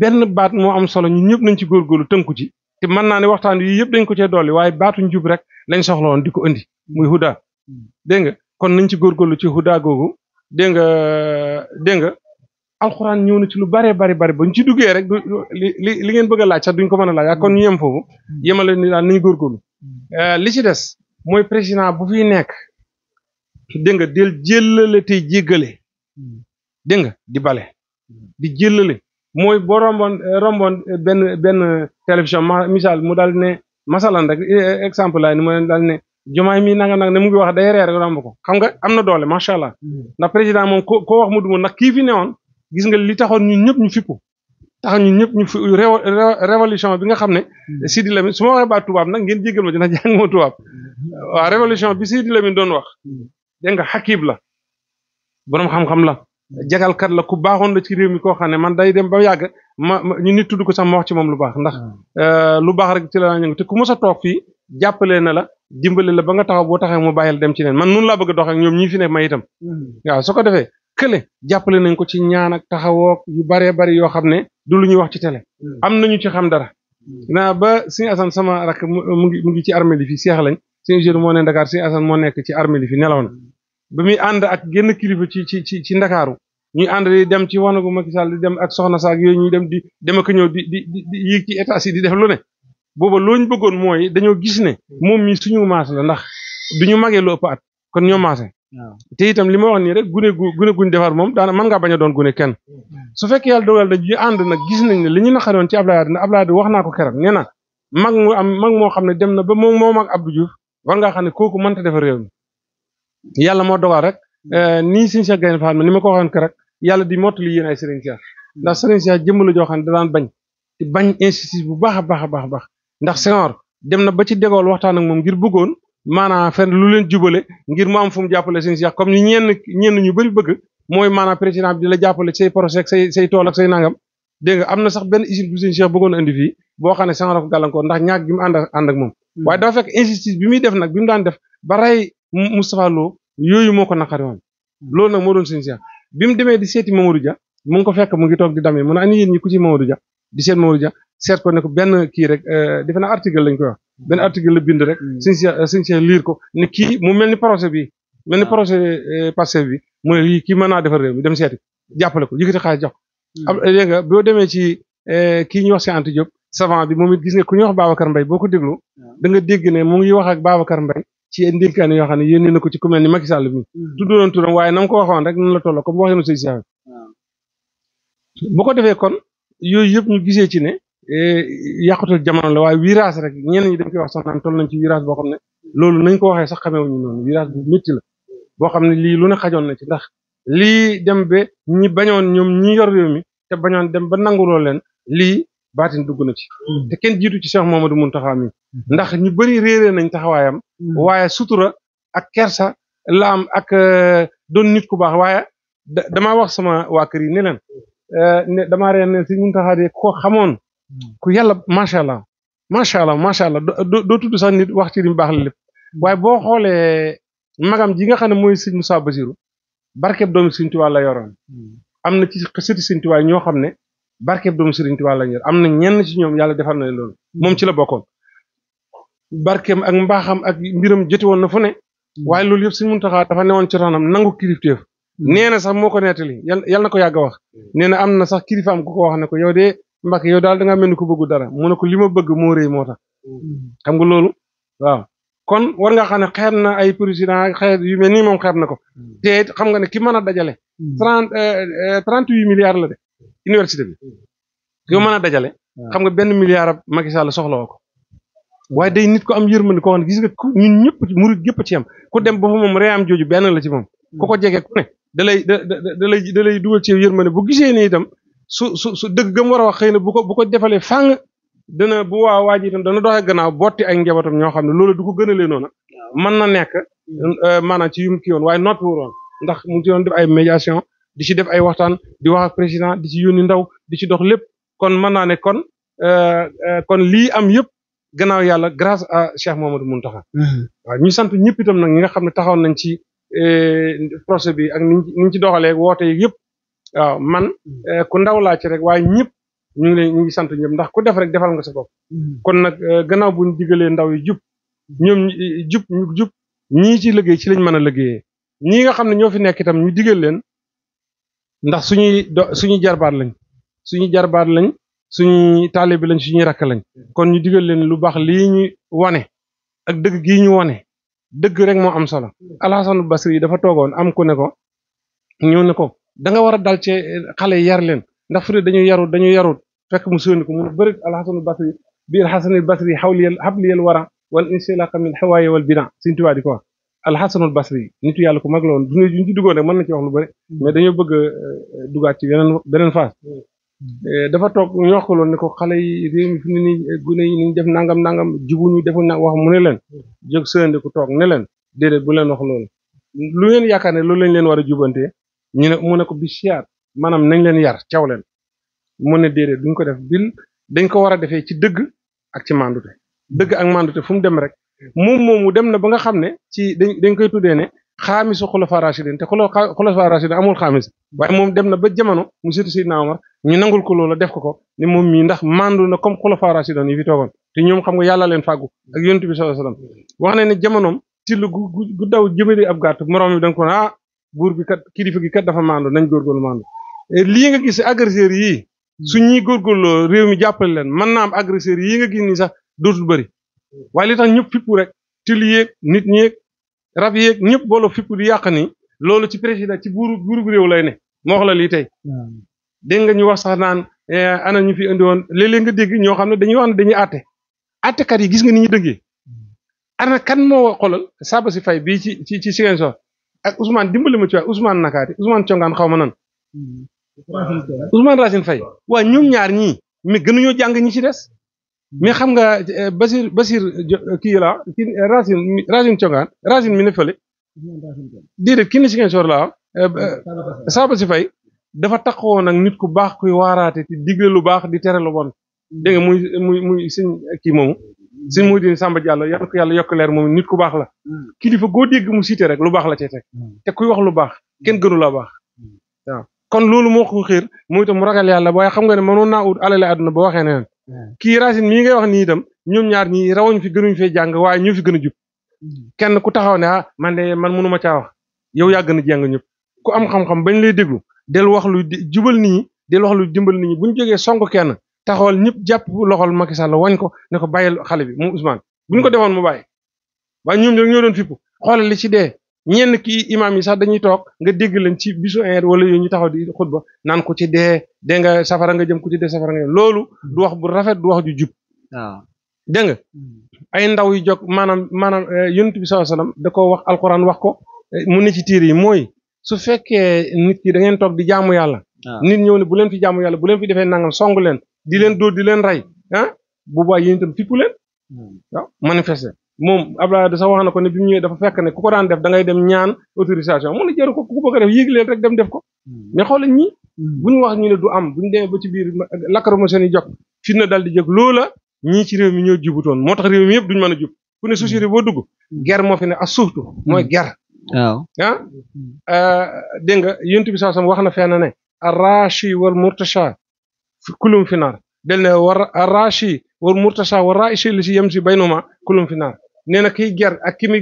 benn baat moo am solo ñun ñëpp nañ ci góorgóorlu tënku ci te mën naa ne waxtaan yi yëpp dañ ko cee dolli waaye baatu jub rek lañ soxla woon di ko andi muy huda dégg nga kon nañ ci góorgóorlu ci huda googu dégg nga dégg nga alxuraan ñëw na ci lu bare bari bari ba ci duggee rek li li li ngeen bëgg a laaj sax duñ ko mën a laaj kon ñu yem foofu yemale ni daal nañu góorgóorlu euh, li ci des mooy président bu fiy nekk dégg nga del jëllale tey jéggale dégg nga di bale di jëllale mooy boo romboon eh, romboon eh, benn benn télévision ma misaal mu daal ne masalan rek eh, exemple laay ni mu daal ne jomaay mi nanga nag ne mu ngi wax day reer rek romb ko xam nga am na doole macha allah mm-hmm. ndax président moom ko koo wax mu duma ndax kii fi newoon gis nga li taxoon ñun ñëpp ñu fippu tax ñun ñëpp ñu fi révolution bi nga xam ne mm-hmm. Sidi Lamine su ma waxee baat tubaab nag ngeen jéggal ma dina jàng ma tubaab mm-hmm. waaw révolution bi Sidi Lamine doon wax dégg nga xakib la boroom xam-xam la jagalkat la ku baaxoon la ci réew mi koo xam ne man day dem ba yàgg ma ñu nit tudd ko sax ma wax ci moom lu baax ndax euh, lu baax rek ci la naa te ku mos a toog fii jàppale na la dimbale la ba nga taxaw boo taxee mu bàyyil dem ci neen man noonu laa bëgg a ñoom ñii fi ne may itam
mm-hmm.
su ko defee kële jàppale nañ ko ci ñaan ak taxawook yu baree bari yoo xam ne du lu ñuy wax ci télé mm-hmm. am nañu ci xam dara mm-hmm. naa ba si Assane sama rakk mu ngi mu ngi ci armée li fii seex lañ Sëñ Jéeri moo ne Dakar Sëñ Assane moo nekk ci armée li fi nelaw na ba muy ànd ak génn kilifa ci ci ci ci ndakaaru ñuy ànd dem ci wanagu Macky Sall dem ak soxna saak yooyu ñuy dem di dem ak ñëw di di di ci état di def lu ne booba loo ñu bëggoon mooy dañoo gis ne moom mi suñu maase la ndax du ñu magee loo ëpp at kon ñoo maase. te itam li ma wax nii rek gune gu guñ defar moom daana mën ngaa bañ a doon gune kenn. su fekkee yàlla dogal da ñu ànd nag gis nañ ne li ñu naqaroon ci Abdoulaye Wade Abdoulaye Wade wax naa ko keroog nee na mag mu am mag moo xam ne dem na ba moom moo mag Abdou Diouf war ngaa xam ne kooku mënta defar réew mi yàlla moo dogal rek eh, nii suñu Cheikh Gaïndé Fatma ni ma ko waxoon ko rek yàlla di mottali yéen ay Serigne Cheikh ndax Serigne Cheikh jëmm la joo xam ne da daan bañ bañ injustice bu baax a baax a baax baax ndax Senghor dem na ba ci dégool waxtaan ak moom ngir bëggoon maanaam fenn lu leen jubale ngir mu am fu mu jàppale Serigne Cheikh comme ni ñenn ñenn ñu bëri bëgg mooy maanaam président bi la jàppale say projet ak say say tool ak say am na sax benn usine bu Serigne Cheikh bëggoon a indi boo xam ne Senghor ko gàllankoor ndax ñaag gi mu ànd ànd ak moom hmm. Moustapha Lo yooyu moo ko naqari woon loolu na moo doon sëñ Cheikh bi mu demee di seeti Mamadou Dia mu ko fekk mu ngi toog di damee mu ne ani yéen ñi ku ci Mamadou Dia di seet Mamadou Dia seet ko ne benn kii rek euh, defe na article lañ koy wax benn mm. article la bind rek sëñ Cheikh sëñ Cheikh liir ko ne kii mu mel ni projet bi mel ni ah. projet euh, passé bi mu kii mën naa defar réew mi dem seeti jàppale ko yëkkati xaalis jox ko mm. ab dégg nga boo demee ci euh, kii ñu wax si Anta Diop savant bi moom it gis nga ku ñuy wax Babacar mbay boo ko déglu da nga dégg ne mu ngi wax ak Babacar Mbaye ci ndénkaane yoo xam ne yónnee na ko ci ku mel ni Macky Sall mi hmm. tuddoon turam waaye na mu ko waxoon rek nan la tolloo comme waxee na sëñ Cheikh bu ko defee kon yooyu yëpp ñu gisee ci ne eh, yàqutul jamono la waaye virage rek ñenn ñi dañ koy wax sax naan toll nañ ci virage boo xam ne loolu nañ ko waxee sax xamewuñu noonu virage bu métti la boo xam ne lii lu ne xajoon na ci ndax lii dem ba ñi bañoon ñoom ñi yor réew mi te bañoon dem ba nanguloo leen lii baatin dugg na ci mm. te kenn jiitu ci Cheikh Mamadou Mountakha mi mm. ndax ñu bari réeré nañ taxawaayam mm. waaye sutura ak kersa laam ak euh, doon nit ku baax waaye dama wax sama waa kër yi ne leen euh, ne damaa reen ne si Mountakha de koo xamoon ku yàlla macha allah macha allah macha allah doo tudd sax nit wax ci li mu baax la lépp waaye boo xoolee magam ji nga xam ne mooy sëñ Moussa Basirou barkeb doomi sëñ Tuubaa la yoroon am na ci xësiti sëñ Tuubaa ñoo xam ne barkeeb doomu Serigne ti lañ yor am na ñenn ci ñoom yàlla defar na leen moom ci la bokkoon barkeem ak mbaaxam ak mbiram joti woon na fu ne waaye loolu yëpp Serigne Mountakha dafa newoon ci ronam nangu kilifteef nee na sax moo ko nettali yal yàlla na ko yàgg a wax nee na am na sax kilifaam ku ko wax ne ko yow de Mbacke yow daal da mel ni ko bëggu dara mu ne ko li ma bëgg moo rëy moo tax xam nga loolu waaw kon war nga xam ne xeeb na ay président xeeb yu mel nii moom xeeb na ko te xam nga ne ki mën a dajale hmm. trente euh, euh, trente huit milliards la université bi hmm. yoo mën a dajale hmm. xam nga benn milliard ab Macky soxla woo ko waaye day nit ko am yërmande koo xam gis nga ñun ñëpp murid yëpp ci ku dem ba fa moom ree am jooju benn la ci hmm. ku ko jege ku ne da lay da da lay da lay dugal ci yërmande bu gisee ni itam su su su dëgg gëm war a wax xëy na bu ko bu ko defalee fàng dana bu waa waa ji itam dana doxee gannaaw botti ay njabootam ñoo xam ne loolu du ko gënalee noonu mën na nekk euh, maanaam ci yum ki woon waaye noppi wuroon ndax mu ci doon def ay médiation di ci def ay waxtaan di wax ak président di ci yónni ndaw di ci dox lépp kon mën naa ne kon euh, euh, kon lii am yëpp gannaaw yàlla grâce à Cheikh Mouhamadou Mountakha. Mhm. waaw ñu sant ñëpp itam nag ñi nga xam ne taxaw nañ ci euh, procès bi ak ni ñu ci doxalee woote yëpp waaw man ku ndaw laa ci rek waaye ñëpp ñu ngi leen ñu ngi sant ñëpp ndax ku def rek defal nga sa bopp. Mhm. kon nag gannaaw bu ñu ndaw yi jub ñoom jub ñu jub ñii ci liggéey ci lañ mën a liggéeyee ñi nga xam ne ñoo fi nekk itam ñu digal leen. ndax suñuy do suñuy jarbaat lañ suñuy jarbaat lañ suñuy taalibe lañ suñuy rakk lañ kon ñu digal leen lu baax lii ñu wane ak dëgg gii ñu wane dëgg rek moo am solo alxasanul basri yi dafa toogoon am ku ne ko ñëw ne ko da nga war a dal ci eh, xale yar leen ndax fu ne dañuy yarut dañu yarut fekk mu sóoni ko mu bëri alxasanul basri bi alxasanul basri xawliyal xabliyal wara wal insilaqa min xawaaye wal bina suñ tubaab di ko alxasanul basri nit yàlla ko mag la woon dund ñu ci duggoon rek mën na ci wax lu bëri mais dañoo bëgg euh, euh, dugaat ci beneen beneen phase euh, dafa toog ñu ne ko xale yi réew gune yi ni ñu def nangam nangam jibuñu defuñ na wax mu ne leen jóg sëndi ku toog ne leen déedéet bu leen wax loolu lu ngeen yaakaar ne loolu lañ leen war a jubantee ñu ne mu ne ko bi siyaat maanaam nañ leen yar caw leen mu ne déedéet duñ ko def bil dañ ko war a defee ci dëgg ak ci mandute dëgg ak mandute fu mu dem rek moom moomu dem na ba nga xam ne ci dañ dañ koy tuddee ne xaamisu xulafa rachidin te xulafa rachidin amul xaamis waaye moom dem na ba jamono mu surtout Seydina Omar ñu nangul ko loola def ko ko ne moom mii ndax mandu na comme xulafa rachidin yi fi toogoon te ñoom xam nga yàlla leen fàggu ak yonent bi sallallahu alayhi wasallam wax ne ne jamonoom ci lu gu gu daw jëmale ab gàtt moroom bi da nga ko ah buur bi kat kilifa gi kat dafa mandu nañ góorgóorlu mandu eh, lii nga gis agresseurs yii su ñuy góorgóorloo réew mi jàppale leen mën naa am agresseurs yii nga gis nii sax dootul bëri waaye li tax ñëpp fippu rek til yéeg nit ñeeg rab yéeg ñëpp boolo fippu di yàq ni loolu ci président ci buuru buuru bu réew lay ne moo wax la lii tey hmm. dégg nga ñu wax sax naan eh, ana ñu fi indi woon léeg nga dégg ñoo xam ne dañu wax ne dañuy àtte àttekat yi gis nga ni ñu dëggee hmm. ana kan moo xoolal saaba si fay bii ci ci ci Ziguinchor ak Ousmane dimbali ma ci waay Ousmane nakaati Ousmane congaan xaw ma nan hmm. Ousmane Racine Faye waa ñoom ñaar ñii mais gënuñoo jàng ñi ci des mais xam nga euh, Basir Basir kii la kii euh, Racine Racine Thiongaan Racine mi ne fële déedéet kii ne si la am euh, saaba si fay dafa taxoo nag nit ku baax kuy waaraate te digle lu baax di tere lu bon dégg nga muy muy muy sëñ kii moomu sëñ Mouhidine Samba Diallo yal na yàlla yokk leer moom nit ku baax la kilifa goo dégg mu siite rek lu baax la cee teg te kuy wax lu baax kenn gënu la baax waaw kon loolu moo ko xiir muy itam mu ragal yàlla waaye xam nga ne mënoon naa ut alale àdduna ba waxee neen Hmm. kii Racine mii ngay wax nii itam ñoom ñaar ñii rawuñ fi gënuñ fee jàng waaye ñoo fi gën a jub hmm. kenn ku taxaw ne ah man de man mënu caa wax yow yaa gën a jàng ñëpp ku am xam-xam bañ lay déglu del wax lu jubal nit ñi del wax lu dimbal nit ñi bu ñu jógee sonk kenn taxawal ñëpp jàpp loxol Macky Sall wañ ko ne ko bàyyil xale bi moom Ousmane bu ñu ko defoon mu bàyyi waaye ñoom ñoo doon fippu xoolal li ci dee ñenn kii imaam yi sax dañuy toog nga dégg leen ci bisu wala yooyu ñu taxaw di xutba naan ko ci dee dégg nga safara nga jëm ku ci dee safara nga loolu du wax bu rafet du wax ju jub waaw dégg nga hmm. ay ndaw yu jog maanaam maanaam eh, yonent bi sallallahu alayhi da ko wax alquran wax ko eh, mu ne ci tiir yi mooy su fekkee nit ki da ngeen toog di jaamu yàlla nit ñëw ne bu leen fi jaamu yàlla bu leen fi defee nangam song leen di leen dóor di leen rey ah bu baa yéen itam fippu leen hmm. waaw manifester moom Abdoulaye da sax wax na ko ne bi mu ñëwee dafa fekk ne ku ko daan def da ngay dem ñaan autorisation mu ne jëru ko ku bëgg def yéegi leen rek dem def ko mais xoolal ñi hmm. buñ wax ñu ne du am buñ demee ba ci biir lacrymogène yi jog fitna dal di jóg loola ñii ci réew mi ñoo jubutoon moo tax réew mi yëpp duñ mën a jub ku ne hmm. société boo dugg ger moo fi ne as suuftu mooy hmm. ger waaw ah euh, dégg nga yonent bi wax na fenn ne arrachi wal murtasha kulum fi naar del ne war arrachi wal war raichi li si si baynuma kulum fi nee na kiy ger ak ki muy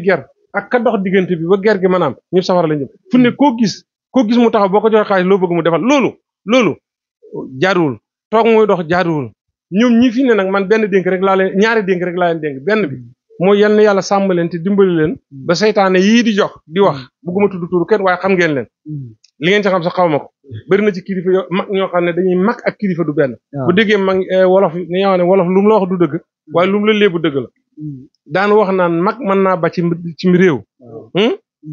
ak ka dox diggante bi ba ger gi maanaam ñëpp safara la jëm fu ne koo gis mu taxaw boo ko joxee xaalis loo bëgg mu defal loolu loolu jaaduwul toog muy dox jaaduwul ñoom ñi fi ne nag man benn dénk rek laa leen ñaari dénk rek laa leen dénk benn bi mooy yal na yàlla sàmm leen te dimbali leen ba seytaane yii di jox di wax bëgguma tudd tuuru kenn waaye xam ngeen leen li ngeen ci xam sax xaw ma ko bëri na ci kilifa yo mag ñoo xam ne dañuy mag ak kilifa du benn bu déggee mag eh, wolof dañuy wax ne la wax du dëgg waaye lu la léebu dëgg la mm. daan wax naan mag mën naa ba ci ci réew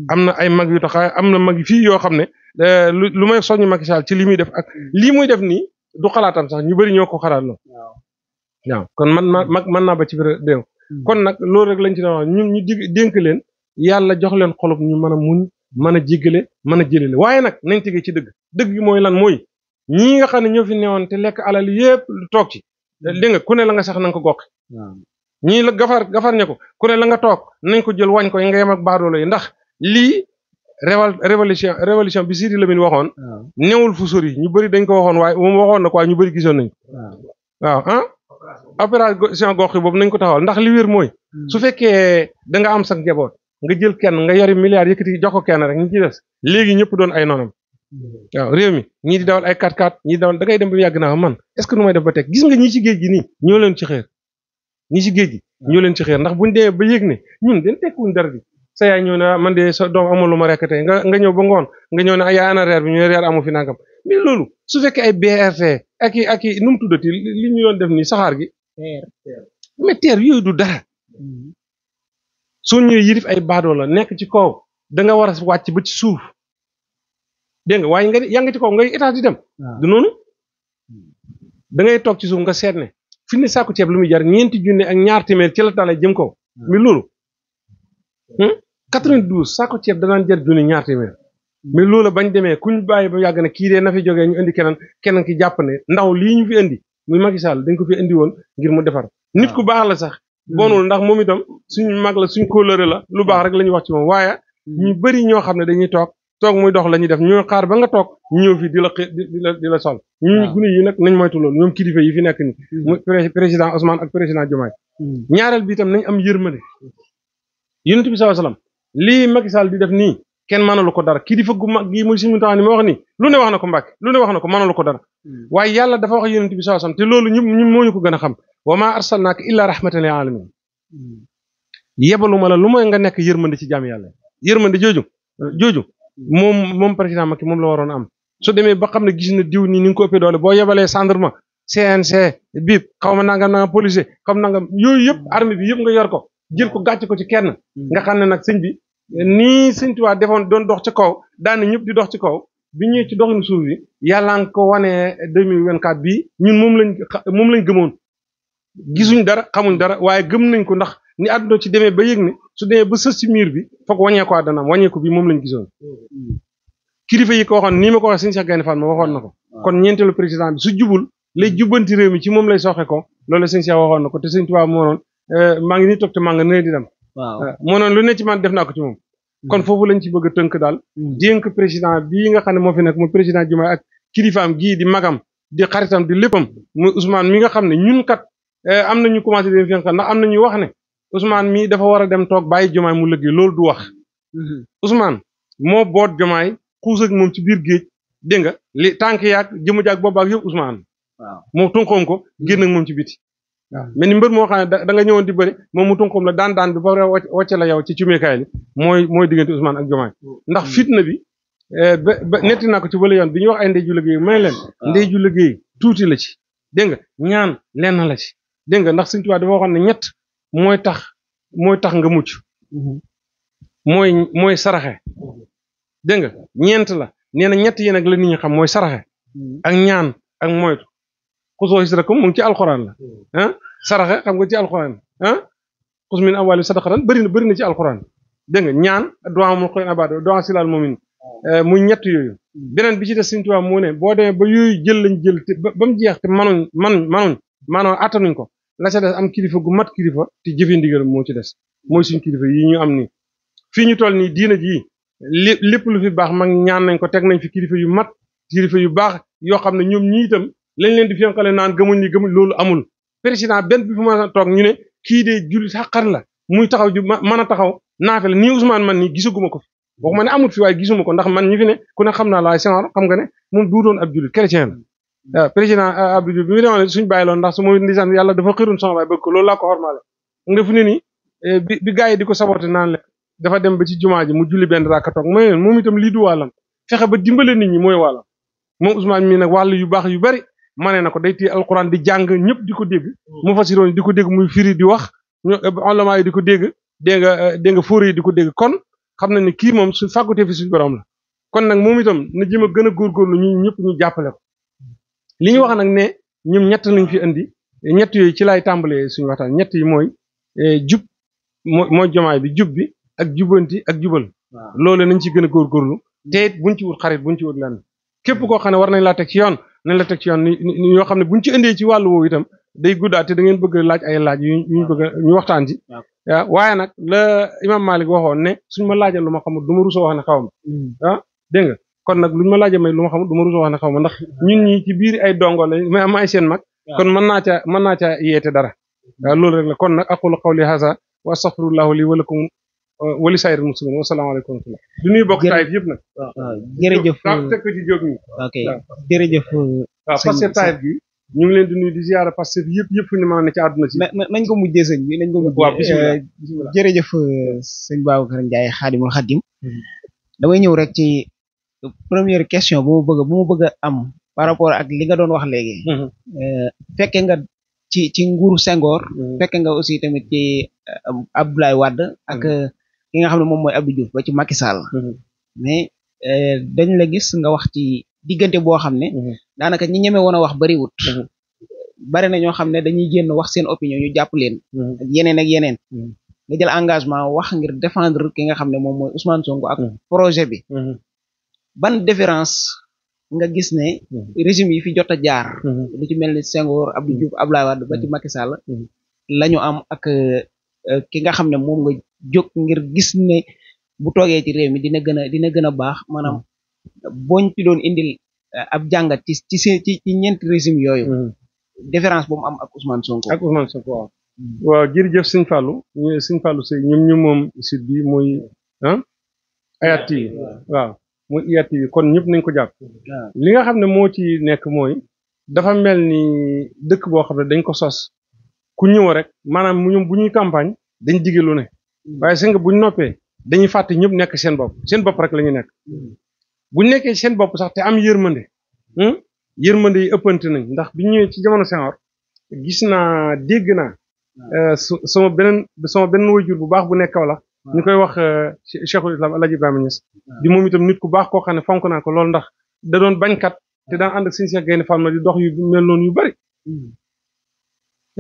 am na ay mag yu taxaw am na mag fii yoo xam ne eh, lu may soññ Macky Sall ci li muy def ak lii muy def nii du xalaatam sax ñu bari ñoo ko xalaat noonu. waaw kon man ma mag mën naa ba ci biir déew. Hmm. kon nag loolu rek lañ ci doon wax ñu dig dénk leen yàlla jox leen xolub ñu mën a muñ mën a jégale mën a jëlale waaye nag nañ tegee ci dëgg dëgg gi mooy lan mooy ñii nga xam ne ñoo fi newoon te lekk alal yépp lu toog ci hmm. dégg nga ku ne la nga sax na ko gox. ñii la gafar gafar ña ko ku ne la nga toog nañ ko jël wañ ko nga yem ak baadoolo yi ndax lii révol révolution révolution bi Sidi Lamine waxoon. newul fu sori ñu bëri dañ ko waxoon waaye moom waxoon na quoi ñu bëri gisoon nañ waaw ah. opération gox yi boobu nañ ko taxawal ndax li wér mooy. Hmm. su fekkee da nga am sax njaboot nga jël kenn nga yori milliards yëkkati jox ko kenn rek ñu ci des léegi ñëpp doon ay noonam. Hmm. waaw réew mi ñi di dawal ay 4x4 ñii di dawal ngay dem ba yàgg naa man est ce que nu may def ba teg gis nga ñii ci géej gi nii ñoo leen ci xeer ñii ci géej gi ñoo hmm. leen ci xeer ndax buñ demee ba yëg ne ñun bi sa yaay ñëw ne ah, man de sa doom amul lu ma rekk tey nga nga ñëw ba ngoon nga ñëw ne ah, yaa ana reer bi ñu reer amu fi nangam mais loolu su fekkee ay BRT ak i ak i nu mu tuddati li ñu doon def nii saxaar gi. mais teer yooyu du dara mm-hmm. soo ñëwee yirif ay baadoo la nekk ci kaw danga nga war a wàcc ba ci suuf dégg nga waaye nga yaa ngi ci kaw ngay étage di dem. Ah. du noonu mm-hmm. da toog ci suuf nga seet ne fi ne sàkku ceeb lu muy jar ñeenti junne ak ñaar téeméer ci la taalee jëm kaw. mais loolu. Hmm? 92 saako ceeb danaan jar junni ñaar téeméer mais loola bañ demee kuñ bàyyi ba yàgg ne kii de na fi jógee ñu indi keneen keneen ki jàpp ne ndaw lii ñu fi indi muy Macky Sall dañ ko fi indi woon ngir mu defar nit ku baax la sax hmm. bonul ndax moom itam suñu mag la suñ kóllëre la lu baax hmm. rek la ñuy wax ci moom waaye hmm. ñu bëri ñoo xam ne dañuy toog toog muy dox la ñuy def ñoo xaar ba nga toog ñu ñëw fii di la di la di la sol ñu gune yi nag nañ moytu loolu ñoom kilifa yi fi nekk ni muy président Ousmane ak président Diomaye ñaareel bi itam nañ am yërmande yonent bi sallallahu alayhi wasallam lii Macky Sall di def nii kenn mënalu ko dara kii di fëggu mag gii muy Sëriñ Mountakha ni ma wax lu wax na ko Mbàkke lu wax na ko mënalu ko dara hmm. waaye yàlla dafa wax yonent bi sallallahu alayhi wasallam te loolu ñu ñu moo ñu ko gën a xam wa maa arsalnaaka illaa rahmatan lil alamin hmm. yebaluma la lu mooy nga nekk yërmande ci jaam yàlla yërmande jooju jooju hmm. moom moom président Macky moom la waroon am su demee ba xam ne gis na diw nii ni nga ko ëppee doole boo yebalee gendarme CNC bip xaw ma nangam nangam policier xaw ma nangam yooyu yëpp armée bi yëpp nga yor ko jël ko gàcc ko ci kenn hmm. nga xam ne nag sëñ bi ni sëñ defoon doon dox ci kaw daane ñëpp di dox ci kaw bi ñëwee ci doxin suuf bi yàlla nga ko wane deux mille vingt quatre bii ñun moom lañ moom lañ gëmoon gisuñ dara xamuñ dara waaye gëm nañ ko ndax ni àdduna ci demee ba yëg ne su demee ba sës ci miir bi foog wàññeeku àddanaam wàññeeku bi moom lañ gisoon hmm. kilifa yi ko waxoon nii ma ko waxee sëñ Cheikh Gaïndé Fatma waxoon na ko hmm. kon ñeenteelu président bi su jubul lay jubbanti réew mi ci moom lay soxe ko loolu sëñ Cheikh waxoon na ko te sëñ Eh, maa ngi nii toog te maa di dem. waaw eh, moo noonu lu ne ci man def naa ko ci moom. Hmm. kon foofu lañ ci bëgg a tënk daal. Hmm. dénk président bii nga xam ne moo fi nekk muy président Diomaye ak kilifaam gii di magam di xaritam di léppam muy Ousmane mi nga xam ne ñun kat eh, am na ñu commencé di leen ndax am na ñu wax ne Ousmane mii dafa war a dem toog bàyyi Diomaye mu liggéey loolu du wax. Hmm. Ousmane moo boot Diomaye xuus ak moom ci biir géej dégg nga li tànk yaag jëmu jaag boobaak yëpp Ousmane. waaw moom tënkoon ko génn moom ci biti. waaw mais ni mbër moo xam ne da nga ñëwoon di bëri moom mu tunqum la daan daan bi ba wàcce la yow ci cumeekaay li mooy mooy diggante Ousmane ak Diomaye mm. ndax fitna bi eh, ba netti naa ko ci wala yoon bi ñuy wax ay ndeeju liggéey may leen ah. ndeeju liggéey tuuti la ci dégg nga ñaan lenn la ci dégg nga ndax Sëñ Tuubaa dafa waxoon ne ñett mooy tax mooy tax nga mucc mm-hmm. mooy mooy saraxe dégg nga ñeent la nee ñett yi nag la nit xam mooy saraxe mm-hmm. ak ñaan ak moytu xusoo hisrakum mu ngi ci alxuraan la ah saraxe xam nga ci alxuraan ah xus min amwaali sadaqatan bëri na bëri na ci alxuraan dégg nga ñaan doa mul xoyn abado doa silaal moomin hmm. eh, muy ñett yooyu hmm. beneen bi ci des Sëriñ Tuubaa moo ne boo demee ba yooyu jël lañ jël te ba mu jeex te manuñ manuñ manuñ maanaam attanuñ ko la ca am kilifa gu mat kilifa te jëfe ndigal moo ci des mooy suñ kilifa yi ñu am nii fii ñu toll ni diina ji lépp lu fi baax mag ñaan nañ ko teg nañ fi kilifa yu mat kilifa yu baax yoo xam ne ñoom ñii itam lañ leen di fenqale naan gëmuñ ñi gëmuñ loolu amul président benn bi fu a toog ñu ne kii de julli xaqar la muy taxaw ju mën a taxaw naafe la nii Ousmane man ni gisaguma ko fi waxuma ne amul fi waaye gisuma ko ndax man ñi fi ne ku ne xam naa laay Senghor xam nga ne moom duutoon ab jullit chrétien la président euh, Abdou Diouf bi loon ndax su ma ndeysaan yàlla dafa xirun sama baay bëgg ko loolu laa euh, bi bi gars yi di ko saboté naan la dafa dem ba ci jumaa ji mu julli benn raaka toog mooy moom itam lii du wàllam fexe ba dimbale ni ñi mooy wàllam moom wàll yu baax yu bari mane na ko day ti alquran di jàng ñëpp di ko dégg mm. mu fasiroon di ko dégg muy firi di wax ñu eh, ulama yi di ko dégg dégg nga eh, dégg nga yi di ko dégg kon xam na ne kii moom su fàggutee fi suñu borom la kon nag moom itam na jëm a gën a góorgóorlu ñun ñëpp ñu jàppale ko li ñu wax nag ne ñoom ñett lañ fi indi ñett yooyu ci laay tàmbalee suñu waxtaan ñett yi mooy eh, jub mooy jomaay bi jub bi ak jubanti ak jubal loolu nañ ci gën a góorgóorlu mm. te it buñ ci wut xarit buñ ci wut lenn képp koo xam ne war nañ laa teg ci yoon nañ la teg ci yoon ni yoo xam ne buñ ci indee ci wàllu woowu itam day guddaate da ngeen bëgg laaj ay laaj yu ñu bëgg ñu waxtaan ci ah, waaye nag la imaam Malik waxoon ne suñ ma laajal lu ma xamul du ma rusoo wax ne xaw ma hmm. ah dégg kon nag luñ ma laaja may lu ma xamul du ma rusoo wax ne xaw ma ndax ñu ñi ci biir ay dongo la mais am seen mag kon mën naa caa mën naa caa yeete dara waaw ah, loolu rek la kon nag aqulu qawli haza wa astaghfirullahi li wa lakum wali saayir muslimin wasalaamaaleykum wa rahmatulah. du nuyu bokk taayif yëpp nag. waaw waaw jërëjëf waaw teg
ko jóg ñi. ok
jërëjëf. waaw ah, parce que taayif bi. ñu ngi leen di nuyu di ziara parce que
yëpp yëpp fu ñu mën a ne ci àdduna ci. nañ ko mujj sëñ bi nañ ko mujjee. waaw bisimilah eh, jërëjëf eh, sëñ Babacar Ndiaye xaadimul xaadim. Mm-hmm. damay ñëw rek ci première question bu ma bëgg bu ma bëgg a am par rapport ak li nga doon wax léegi. Mm-hmm. Eh, fekke nga ci ci nguuru Senghor. Mm-hmm. nga aussi tamit ci Abdoulaye Wade ki nga xam ne moom mooy Abdou Diouf ba ci makisal mhm. mais mais euh, dañ la gis nga wax ci diggante boo xam ne mhm. daanaka ñi ñeme woon a wax bariwut mhm. bari na ñoo xam ne dañuy génn wax seen opinion ñu jàpp leen yeneen ak yeneen nga jël engagement wax ngir defendre ki nga xam ne moom mooy Ousmane Sonko projet bi ban différence nga gis ne régime yi fi jot a ci mel ni Senghor Abdou Diouf Abdoulaye Wade ba ci Macky am ak euh, ki nga xam ne moom nga jóg ngir gis ne bu toogee ci réew mi dina gën a dina gën a baax mm. maanaam boñ ci doon indil eh, ab jàngat ci ci ci ci ñeenti régime yooyu mm. différence bu am ak
Ousmane Sonko ak Ousmane Sonko waaw mm. waaw jërëjëf sëñ Fallou ñu sëñ Fallou Seye ñoom ñu moom site bi muy ah IYAT TV waaw muy IYAT kon ñëpp nañ ko jàpp li nga xam ne moo ci nekk mooy dafa mel ni dëkk boo xam ne dañ ko sos ku ñëw rek maanaam ñoom bu ñuy campagne dañ digee ne Mm. waaye sën nga bu ñu noppee dañuy fàtte ñëpp nekk seen bopp seen bopp rek la ñu nekk mm. bu ñu nekkee seen bopp sax te am yërmande hmm? yërmande yi ëppante nañ ndax bi ñëwee ci jamono Senghor gis naa na naa mm. euh, sama beneen sama beneen wayjur bu baax bu nekk Kaolack ñu koy wax euh, Cheikhul Islam El Hadj Ibrahima di moom itam nit ku baax koo xam ne fonk naa ko loolu ndax da doon bañkat te daa ànd ak seen Cheikh Gaynde Fatma di dox yu mel noonu yu bari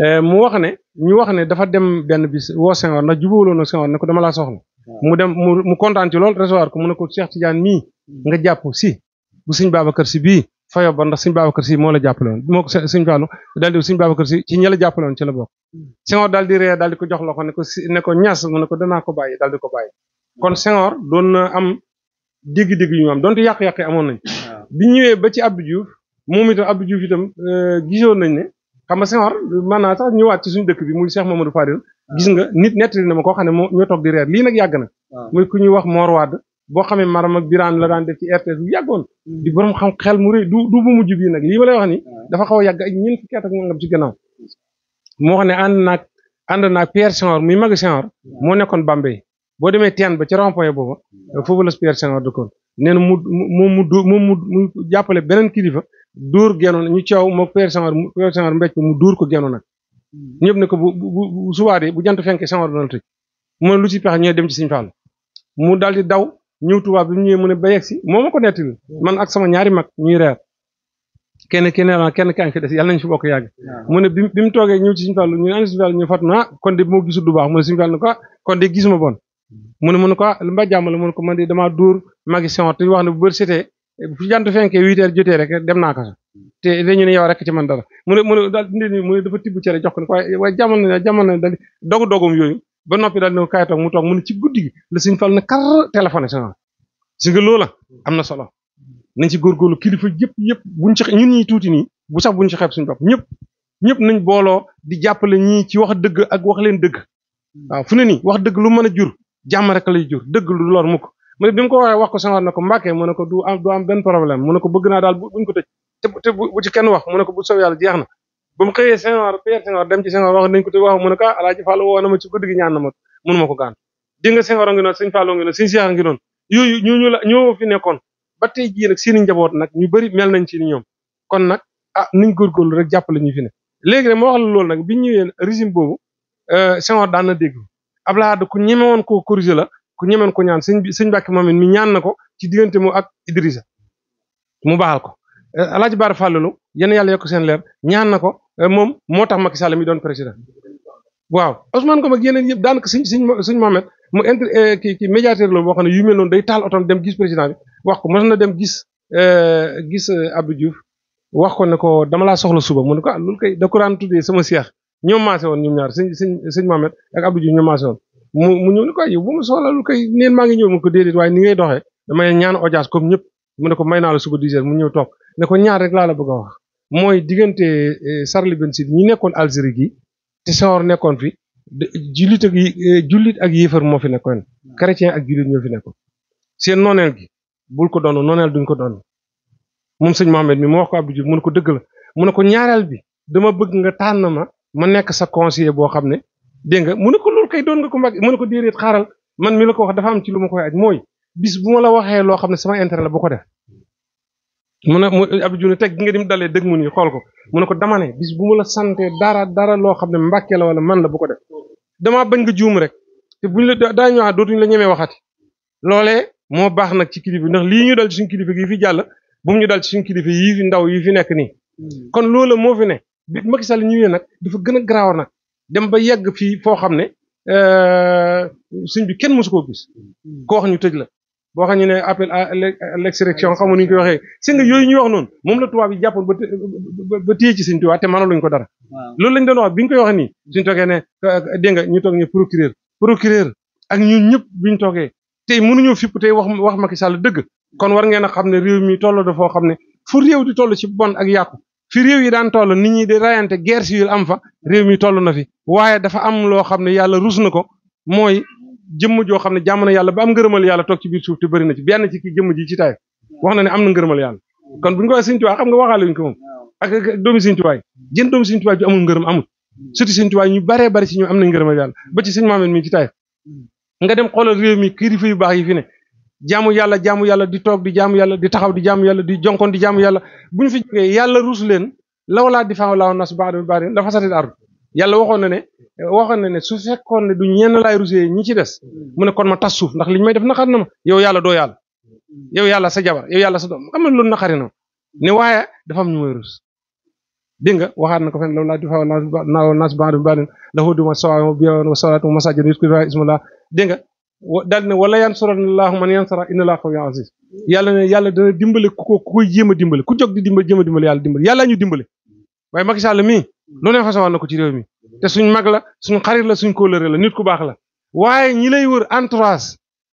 Eh, mu wax ne ñu wax ne dafa dem benn bis woo Senghor ndax jubóoloon ak Senghor ne ko dama laa soxla. mu dem mu mu kontaan ci lool recevoir ko mu ne ko Cheikh Tidiane mii hmm. si bii fayo ba ndax sëñ Babacar si moo la jàppale woon moo ko sëñ Fallou daal di sëñ Babacar si ci ña la jàppale woon ci la bokk. Hmm. Senghor daal di ree daal di ko jox loxo ko si ne ko ñaas mu ne ko danaa ko bàyyi daal di ko bàyyi. Hmm. am dégg-dégg yu ñu am donte yàq-yàq yi amoon nañ bi ba ci Abdou Diouf moom itam Abdou Diouf itam eh, gisoon nañ ne xam nga Senghor mën naa sax ñëwaat ci suñu dëkk bi muy du Mamadou Fadil gis nga nit nettali na ma koo xam ne moo ñoo toog di reer lii nag yàgg na muy ku ñuy wax Mor Wade boo xamee maram ak biraan la daan def ci RTS bu hmm. xel mu rëy du du bu mujj bii nag lii ma lay wax ni hmm. dafa xaw a yàgg ay ñeent fukki at ak nangam ci moo xam ne ànd naag ànd naag Pierre Senghor muy mag Senghor hmm. moo nekkoon Bambey boo demee teen ba ci rond-point booba foofu la Pierre Senghor dëkkoon nee na mu mu mu mu mu jàppale beneen kilifa dóor geno nag ñu caaw moom père Sangar mu père Sangar mbécc mu dóor ko geno nag hmm. ñëpp ne ko bu bu bu jant fenk Sangar dana tëj mu ne lu ci dem ci Sëñ Fallu mu daal di daw ñëw Tuubaa bi mu ne ba yegg si moo ma ko hmm. ñaari mag ñuy reer kenn kenn kenn kaa ngi fi des yàlla nañu fi yàgg hmm. mu ne bi mu toogee ñu ne ana a Fallu ñu fàtt na ah, kon de moo gisul du baax mu ne Sëñ Fallu ah, kon de gisuma bon mu ne mu ko ah li mba jàmm la mu ne ko man de damaa dóor magi Sangar te wax ne bu bër setee fu jant fenkee huit heures jotee rek dem na kaso te dañu ne yow rek ci man dara mu ne mu ne daal nit ñi mu ne dafa tibb cere jox ko waaye waaye jamono jamono dal dogu dogum yooyu ba noppi daal ne kaay toog mu toog mu ne ci guddi gi la suñ fal na kar téléphoné si noonu si nga loola am na solo nañ ci góorgóorlu kilifa yëpp yëpp buñ ci ñun ñuy tuuti nii bu sax buñ ci xeeb suñ bopp ñëpp ñëpp nañ booloo di jàppale ñii ci wax dëgg ak wax leen dëgg waaw fu ne nii wax dëgg lu mën a jur jàmm rek lay jur dëgg lu lor mukk mu ne bi mu ko waxee wax ko Senghor ne ko Mbàkke mu ko du am du am benn problème mu ne ko bëgg naa daal buñ ko tëj te bu ci wax mu bu soobee yàlla jeex na ba mu xëyee Senghor Pierre Senghor dem ci Senghor wax nañ ko tëj wax mu ne ko ah, Alaaji Fàllu woo na ma ci guddi na ma ko gaan di nga Senghor a ngi noonu sëñ Fàllu ngi noonu sëñ Seex a ngi noonu yooyu ñooñu la ñoo fi nekkoon ñu kon nag ah niñ góorgóorlu rek jàppale ñu fi ne léegi nag moo wax la loolu nag bi ñëwee régime boobu euh, Senghor na dégg Abdoulaye Wade ku ñemewoon koo la ku ñemen ko ñaan sëñ bi sëñ Mbàkke Maamin mi ñaan na ko ci diggante mu ak Idrissa mu baaxal ko eh, a Alaaji Baara Fàllalu yéen yàlla yokk seen leer ñaan na ko eh, moom moo tax Macky Sall mi doon président waaw Ousmane Ngom ak yeneen yëpp daanaka sëñ sëñ sëñ Mohamed mu inter eh, ki ki médiateur la boo xam ne yu mel noonu day taal otom dem gis président bi wax ko mos na dem gis gis Abdou Diouf wax ko ne ko dama laa soxla suba mu ne ko ah loolu kay da ko sama seex ñoom maase woon ñoom ñaar sëñ sëñ sëñ Mohamed ak Abdou Diouf ñoom maase woon mu mu ñëw ni ko yow bu ma soxlaalul kay neen maa ngi ñëw mu ko déedéet waaye ni ngay doxee damay ñaan audience comme ñëpp mu ne ko may la suba ñëw toog ko ñaar mooy diggante eh, Charlie Ben Sidi ñi nekkoon Algérie gi te Senghor nekkoon fi jullit ak eh, jullit ak yéefar moo fi nekkoon chrétien ak jullit ñoo fi nekkoon seen nooneel gi bul ko doon nooneel duñ ko doon moom sëñ Mohamed mi mu wax ko Abdou ko dëgg la mu ne ko ñaareel bi dama bëgg nga tànn ma ma nekk sa conseiller boo xam ne dégg mu ne kay doon nga ko mag mën ko déedéet xaaral man mi la ko wax dafa am ci lu ma koy aj mooy bis bu ma la waxee loo xam ne sama intérêt la boo ko def mun a mu Abdou Diouf teg gi nga dim dalee dëgg mu nii xool ko mu ne ko dama ne bu ma la santee dara dara loo xam ne mbàkkee la wala man la bu ko def damaa bañ nga juum rek te buñ la daa ñëwaat dootuñ la ñemee waxati loolee moo baax nag ci kilifa ndax lii ñu dal ci suñu kilifa gi fi jàll bu mu ñu dal ci suñu kilifa yi fi ndaw yi fi nekk nii kon loola moo fi ne bi Macky Sall ñëwee nag dafa gën a garaaw nag dem ba yegg fii foo xam ne Euh, suñ bi kenn mosu koo gis ko wax ñu tëj la boo xam ñu ne appel à l'exécution xamu nu ñu koy waxee si nga yooyu ñuy wax moom la tubaab yi jàppoon ba ba téye ci suñ tubaab te mënaluñ ko dara loolu lañ doon wax bi ñu koy waxee nii suñ toogee ne dégg nga ñu toog ne procureur procureur ak ñun ñëpp bi ñu toogee tey mënuñoo fipp tey wax wax Macky Sall dëgg kon war ngeen a xam ne réew mi toll dafoo xam ne fu réew di toll ci bon ak yàqu fi réew yi daan toll nit ñi di rayante guerre civile am fa réew mi toll na fi waaye dafa am loo xam ne yàlla rus na ko mooy jëmm joo xam ne jàmm na yàlla ba am ngërëmal yàlla toog ci biir suuf te bëri na ci benn ci ki ji ci tay wax na am na ngërëmal ko waxee Sëñ Tuubaa xam nga waxaale wuñ ko moom ak doomi Sëñ Tuubaa jën doomi Sëñ Tuubaa ju amul ngërëm amul surtout Sëñ ñu baree bari ci ñoom am nañ ngërëmal yàlla ba ci siñ Maamen mi ci tay nga dem xoolal réew mi kilifa yu baax yi fi ne jaamu yàlla jaamu yàlla di toog di jaamu yàlla di taxaw di jaamu yàlla di jonkoon di jaamu yàlla bu ñu fi jógee yàlla ruus leen lawlaa difaaw laahu naas ba'dahum ba'dan la fasadat al-ard yàlla waxoon na ne waxoon na ne su fekkoon ne du ñenn laay rusee ñi ci des mu ne ma tas suuf ndax li may def naqar na ma yow yàlla doo yàlla yow yàlla sa jabar yàlla sa doom xam nga loolu naqari na ne waaye dafa am ñu may rus dégg na ko fen lawlaa laa laahu naas ba'dahum ba'dan lahuddimat sawaami'u wa biya'un wa salawaatun wa masaajida yuzkaru fiihaa ismullaah dégg nga daal ne wala yansuranallahu man yansura inna laa qawiyyun aziz yàlla ne yàlla dana dimbale ku koy jéem a dimbale ku jóg di dimbale jéem a dimbale yàlla dimbale yàlla ñu dimbale waaye Macky Sall mii lu ne façon ko ci réew mi te suñ mag la suñ xarit la suñ kóllëre la nit ku baax la waaye ñi lay wër entourage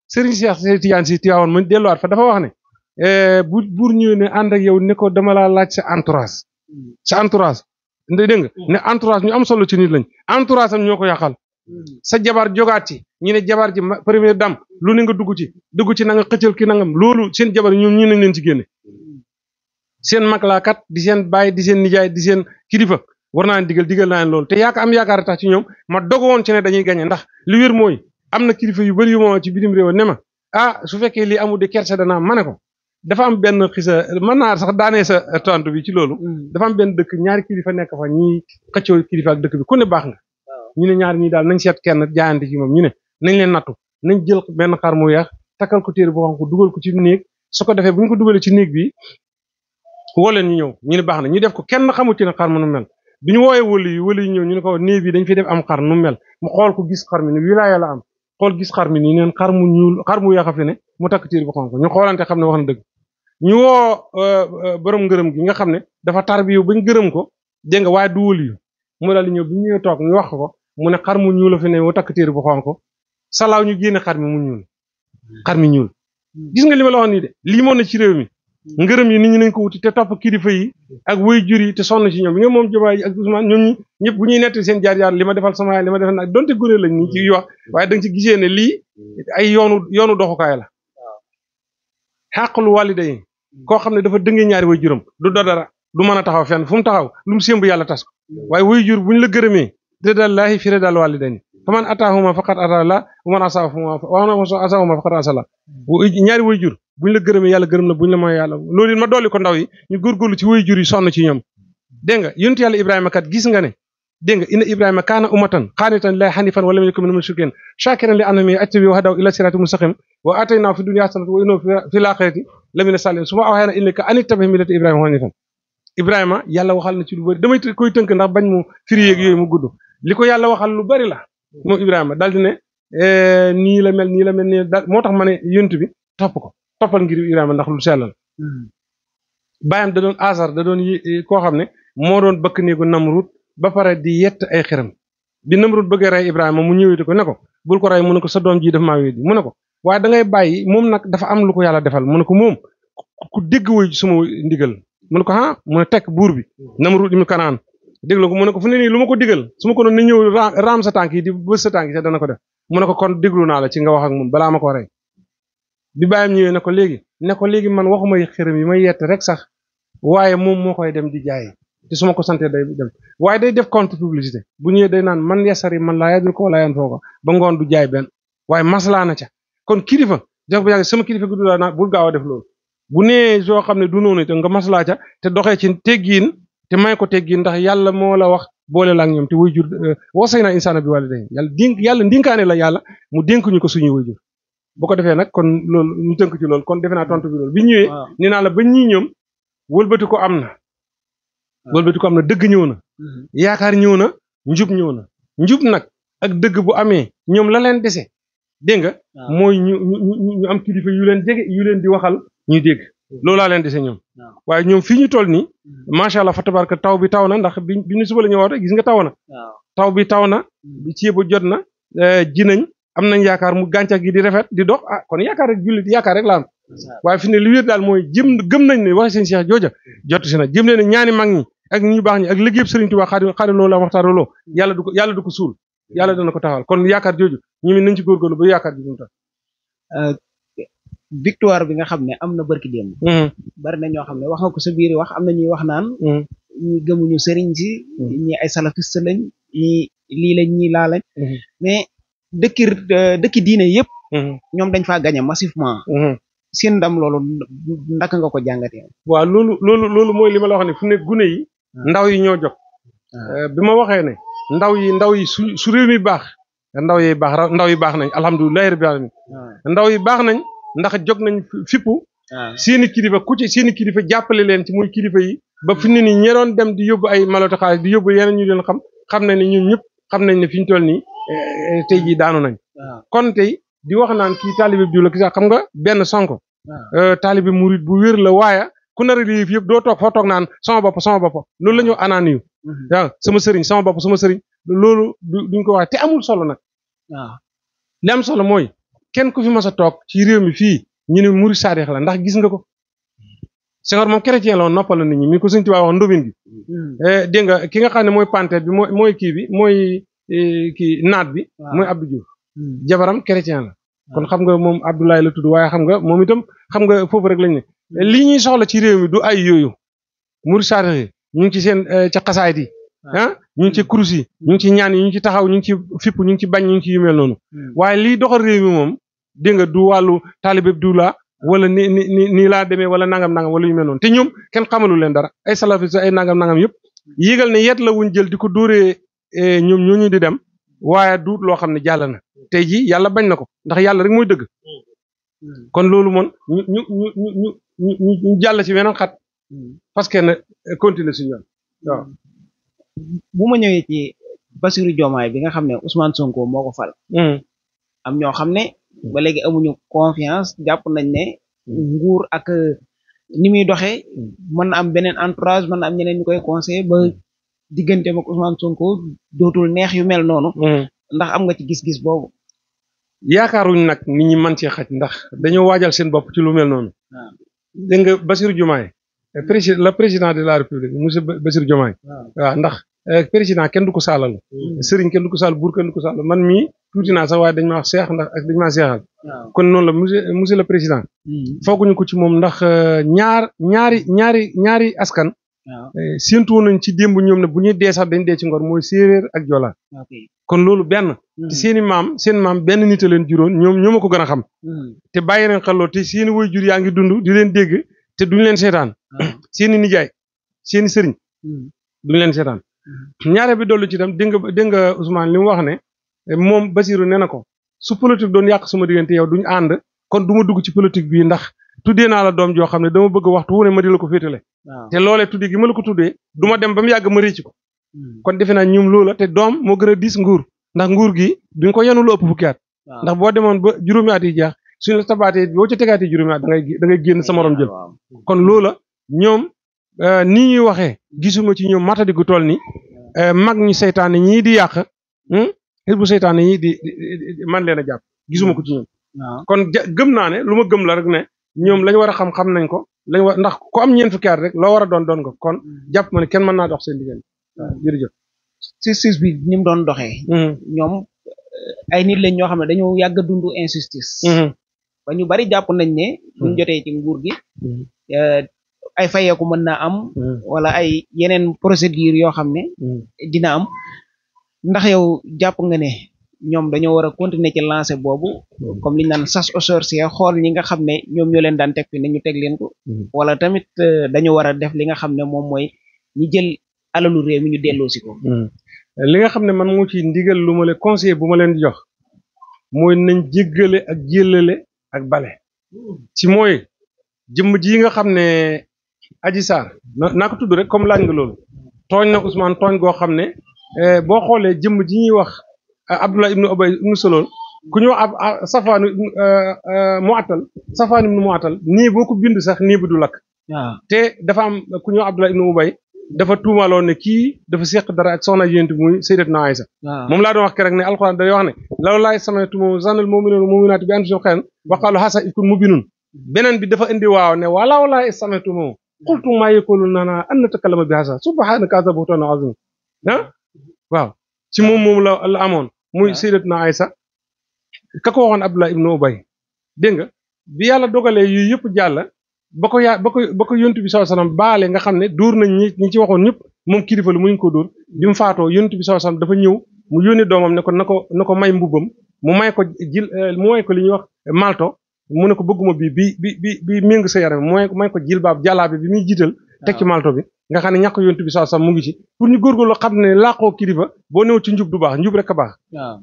Serigne Cheikh Sey Tidiane si Tiwaawoon ma delluwaat fa dafa wax ne eh, bu buur ñëwee ne ànd ak yow ne ko dama laa laaj sa entourage sa entourage dégg nga mm. ne entourage ñu am solo ci nit lañ entourage am ñoo ko yàqal Mm. sa jabar jogaat ci ñu ne jabar ji première dame lu ne nga dugg ci dugg ci na nga xëccal ki nangam loolu seen jabar ñoom ñu nañ leen ci génne seen mag laa kat di seen baay di seen nijaay di seen kilifa war naa leen digal digal naa leen loolu te yaaka am yaakaar tax ci ñoom ma dog woon ci ne dañuy gañe ndax li wér mooy am na kilifa yu bëri yu ma ci bitim réew ne ma ah su fekkee lii amul de kerse danaa ma ne ko dafa am benn xisa mën naa sax daanee sa tontu bi ci loolu mm. dafa am benn dëkk ñaari kilifa nekk fa ñiy kilifa ak dëkk bi ne baax nga ñu ne ñaar ñi daal nañ seet kenn jaayante ci moom ñu ne nañ leen nattu nañ jël benn xar mu weex takkal ko téere boo xam dugal ko ci néeg su ko defee bu ñu ko dugalee ci néeg bi woo leen ñu ñëw ñu baax na ñu def ko kenn xamut ci ne xar mu nu mel bi ñu wooyee wëli yi yi ñëw ñu ne ko néeg bi dañ fi def am xar nu mel mu xool ko gis xar mi ni wilaaya la am xool gis xar mi nii neen xar mu ñuul xar mu weex a fi ne mu takk téere bu xonk ñu xoolante xam ne wax na dëgg ñu woo euh, euh, borom ngërëm gi nga xam ne dafa tarbiyu bañ gërëm ko dégg nga waaye du wëli yu mu ñu toog ñu wax ko mu ne xar mu ñuul a fi ne mu takk téer bu xonk salaaw ñu génne xar mi mu ñuul xar mi ñuul hmm. gis nga li ma yi wax nii de lii moon na ci réew mi hmm. ngërëm yi nit ñu nañ ko wuti te topp kilifa yi ak way jur yi te sonn ci ñoom bi nga moom jomaay ak Ousmane ñoom ñëpp bu ñuy nettali seen jaar jaar li defal sama yaay li ma defal nag donte góoree lañ ñi ci wax waaye da nga ci gisee lii ay yoonu yoonu doxukaay la hmm. xàqlu wàlida yi koo xam ne dafa dënge ñaari way juram du do dara du mën a taxaw fenn fu mu taxaw lu mu sémb yàlla tas ko waaye way jur bu ñu la gërëmee ridallahi fi ridal walidayni faman ataahuma faqad atalla waman asahuma ñaari way jur buñ la gërëmee yàlla gërëm la buñ la mooy yàlla loolu it ma dolli ko ndaw yi ñu góorgóorlu ci way jur yi ci ñoom dégg nga yonent ibrahima kat gis nga ne dégg nga inna ibrahima kaana ummatan qaanitan lillahi hanifan wa lam yakun minal mushrikiin shaakiran li an'umihi ajtabahu wa hadahu ila siraatin mustaqim wa aataynaahu fi dunya hasanatan wa innahu fil aaxirati lamina saalihiin summa awhaynaa ilayka an ittabi' millata ibrahima hanifan na ci lu bëri damay koy tënk ndax li ko yàlla waxal lu bari la moom Ibrahima daal di ne eh, nii la mel nii la mel nii daal moo tax ma ne yonent bi topp ko toppal ngir Ibrahima ndax lu sell la hmm. da doon asar da doon koo xam ne moo doon bëkk nii néegu Namrud ba pare di yett ay xeram bi Namrud bëggee rey Ibrahima mu ñëwee ko ne ko bul ko rey mu ne ko sa doom ji dafa maa wéet mu ne ko waaye da ngay bàyyi moom nag dafa am lu ko yàlla defal mu ne ko moom ku dégg woy suma ndigal mu ne ko ah mu ne bi hmm. Namrud Kanaan déglu ko mu ne ko fu ne lu ma ko digal su ma ko doon na ñëw raam sa tànk yi di bës sa tànk yi dana ko def mu ne ko kon déglu naa la ci nga wax ak moom ma ko rey bi bàyyam ñëwee na ko léegi ne ko léegi man waxuma xërëm yi ma yett rek sax waaye moom moo koy dem di jaay te su ko santee day dem waaye day def contre publicité bu ñëwee day naan man yasari man laa yadul ko wala yan ko ba ngoon du jaay benn waaye maslaa na ca kon kilifa jox bu sama kilifa gi du laa naa bul gaaw a def loolu bu nee yoo xam ne du noonu te nga maslaa ca te doxee ci teggiin te may ko teggi ndax yàlla moo la wax boole la ak ñoom te way jur euh, wasay naa insaana bi waalidayhi yàlla dénk yàlla ndénkaane la yàlla mu dénk ko suñuy way jur bu ko defee nag kon loolu ñu tënk lool kon defe naa tontu bi loolu bi ñëwee nee naa la ba ñii ñoom wëlbati am na wëlbati ko am na dëgg ñëw na mm-hmm. yaakaar ñëw na njub ñëw na njub nag ak dëgg bu amee ñoom la leen dese dégg nga mooy ñu ñu ñu am kilifa yu leen yu leen di waxal ñu dégg Hmm. loolaa leen dese ñoom waaye ñoom fii ñu tol nii hmm. macha allah fa tabarka taw bi taw na ndax bi bi ñu suba la ñu war gis nga taw na taw bi taw na ci hmm. bu jot na eh, ji nañ am nañ yaakaar mu gàncax gi di rafet di dox ah, kon yaakaar rek jullit yaakaar rek la am waaye fi ne li daal mooy jëm gëm nañ ne waxe seen Cheikh jooja jot si na jëm leen ñaani mag ñi ak ñu baax ñi ak liggéeyub Sëriñ Tuubaa xaari xaari loolu la waxtaanoo loo yàlla du ko yàlla du ko suul yàlla dana ko taxawal kon yaakaar jooju ñu mi nañ ci góorgóorlu ba yaakaar ji mu tax euh, victoire bi nga xam ne am na barki démb mm-hmm. bari na ñoo xam ne
wax nga ko sa wax am na ñuy wax naan mm-hmm. ñi gëmuñu sëriñ si mm-hmm. ñi ay salafiste lañ ñi lii lañ ñi laa lañ mais dëkki euh, dëkki diine yëpp
ñoom dañ faa gañe massivement seen ndam loolu ndaka nga ko jàngatee waaw loolu loolu loolu mooy li ma la wax ne fu ne gune yi ah. ndaw yi ñoo jot ah. euh, bi ma waxee ne ndaw yi ndaw yi su su baax ndaw yi baax ndaw yi baax nañ alhamdulilahi rabbil alamin ah. ndaw yi ndax jóg nañ fippu ah. seeni kilifa ku ci seeni kilifa jàppale leen ci kilifa yi ba fi ne nii ñi dem di yóbbu ay maloto xaalis di yóbbu yeneen ñu leen xam xam nañ ne ñun ñëpp xam nañ ne fi ñu toll nii eh, tey jii daanu nañ ah. kon tey di wax naan kii taalibe bi diw la ki xam nga benn Sonko ah. euh, taalibe murit bu wér la waaye ku nar a lii yëpp doo toog foo toog naan sama bopp sama bopp loolu la ñu anaan yu mhm. waaw sama sëriñ sama bopp sama sëriñ loolu duñ ko wax te amul solo nag li am solo mooy kenn ku fi mas a toog ci réew mi fii ñu ne muri saadix la ndax gis nga ko Senghor moom chrétien la woon noppal na nit ñi mi ko sëñ Tuubaa wax ndóbin bi mm. eh, dégg nga ki nga xam ne mooy pantet bi mooy mooy kii bi mooy eh, kii naat bi mooy Abdou Diouf mm. jabaram chrétien la kon xam nga moom Abdoulaye la tudd waaye xam nga moom itam xam nga foofu rek lañ ne mm. lii ñuy soxla ci réew mi du ay yooyu murid saadix yi eh, ñu ngi ci seen ca xasaayit yi ah ñu ngi ci kurus yi ñu ngi ci ñaan yi ñu ngi ci taxaw ñu ngi ci fipp ñu ngi ci bañ ñu ngi ci yu noonu dégg nga du wàllu taalibe du laa wala ni ni ni nii laa demee wala nangam nangam wala yu mel noonu te ñoom kenn xamalu leen dara ay salafis ay nangam nangam yëpp yégal ne yet la wuñ jël di ko dóoree eh, ñoom ñooñu di dem waaye duut loo xam ne jàll na tey jii yàlla bañ na ko ndax yàlla rek mooy dëgg kon loolu moom ñu ñu ñu ñu ñu ñu jàll ci weneen xat parce na continuer si ñoom waaw. bu yi ñëwee ci
Bassirou Diomaye nga xam ne Ousmane Sonko moo ko fal. Hmm. am ñoo xam ne. ba léegi amuñu confiance jàpp nañ ne nguur ak euh, ni muy doxee mën na am beneen entourage mën na am ñeneen ñu koy conseiller ba diggante ak Ousmane Sonko
dootul neex yu mel noonu. Mm-hmm. ndax am nga ci gis-gis boobu. yaakaaruñ nag nit ñi mën cee xaj ndax dañoo waajal seen bopp ci lu mel noonu. waaw ah. dégg nga Bassirou Diomaye. président le président de la république monsieur Bassirou Diomaye. Ah. ndax. Eh, président kenn du ko saalal hmm. sëriñ kenn du ko saal buur kenn ko saal man mii tuuti naa sax waaye dañ maa seex ndax ak dañ seexal kon noonu la monsieur monsieur le président hmm. fooguñu ko ci moom ndax eh, ñaar ñaari ñaari ñaari askan eh, séentu woon nañ ci démb ñoom ne bu ñuy dee sax dañ dee ci ngor mooy séeréer ak jola kon loolu benn hmm. te seen i maam seen maam benn nit a leen juróon ñoom ñoo ko gën a xam te bàyyi xalo xel loolu te seen i jur yaa ngi dund di leen dégg te duñu leen seetaan ah. seen i nijaay seen i sëriñ leen seetaan ñaare bi dollu ci itam dégg nga dégg li mu wax ne moom Basirou nee na ko su politique doon yàq suma diggante yow duñu ànd kon duma dugg ci politique bii ndax tuddee na la doom joo xam ne dama bëgg waxtu wu ne ma di la ko féetale te loolee tuddee gi ma la ko tuddee du ma dem ba mu yàgg ma récc ko hmm. kon defe naa ñoom loola te doom moo gën a diis nguur ndax nguur gi duñ ko yenu lu ëpp fukki at ndax boo demoon ba juróomi at yi jeex suñu la tabaatee boo ca tegaatee juróomi at da ngay da ngay génn sa morom jël kon loola ñoom Euh, ni ñuy waxee gisuma ci ñoom matadi gu toll ni euh, mag ñi seytaane ñii di yàq xis hmm? bu seytaane ñii di man leen a jàpp gisuma ko ci ñoom kon gëm naa ne lu ma gëm la rek ne ñoom lañ war a xam xam nañ ko lañ war ndax ko am ñeent fukki at rek loo war a doon doon ko kon hmm. jàpp ma ne kenn mën naa dox seen diggante hmm. jërëjëf bi
ni mu doon doxee ñoom
eh,
ay nit lañ ñoo xam ne dañoo yàgg a dund injustice ñu bari jàpp nañ ne buñ jotee ci nguur gi eh, ay fayeeku mën naa am hmm. wala ay yeneen procédure yoo xam ne hmm. dina am ndax yow jàpp nga ne ñoom dañoo war a continuer ci lancé boobu hmm. comme li ñu naan sas aux sorcières xool ñi nga xam ne ñoom ñoo leen daan teg fi ne ñu teg leen ko wala tamit euh, dañu war a def li nga xam ne moom mooy ñi jël alalu réew mi ñu delloosi ko li nga
xam ne man moo ci ndigal lu ma leen conseil bu ma leen di jox mooy nañ jéggale ak jéllale ak bale ci mooy jëmm ji xam ne Adji Sarr naa ko tudd rek comme laaj nga lool tooñ na Ousmane tooñ goo xam ne eh, boo xoolee jëmm ji ñuy wax eh, Abdullah ibnu Ubay ibnu Salul ku ñu wax ab ah, safaanu eh, mu attal safaanu mu attal nii boo ko bind sax ni bi du lakk. Ah. te dafa am ku ñu wax Abdullah ibnu Ubay dafa tuumaaloon ne kii dafa seq dara ak soxna yénti muy sayyidatuna Aïsa ah. moom laa doon wax ke rek ne alxuraan day wax ne law laay samaytumo zanal mu'minuuna mu'minaati bi anfusihim xayran wa qaalu bi dafa indi waaw ne wala walaay samaytumo qultu maa yakunu lanaa an natakallama bi haza subhaanaka haza buhtaanun aziim ah waaw si moom moom la amoon muy sayyidatuna Aysa ka ko waxoon Abdullah ibnu Ubay dégg nga bi yàlla dogalee yooyu yëpp jàlla boko ko yaa ba ko yontu bi sax alayhi wasallam nga xam ne door nañ ñi ñi ci waxoon ñëpp moom kilifa lu muñ ko dóor bi mu faatoo yontu bi sallallahu alayhi dafa ñëw mu yónni doomam ne ko na ko na ko may mbubbam mu may ko jil li ñuy wax malto mu ne ko bëgguma bii bi bi bi bi méng sa yaram mooy mooy ko jilbaab jàllaabe bi muy jiital teg ci ah. malto bi nga xam ne ñàkk yontu bi saa sam mu ngi ci pour ñu góorgóorlu xam ne laaxoo kilifa boo néew ci njub du baax njub rek baax ah.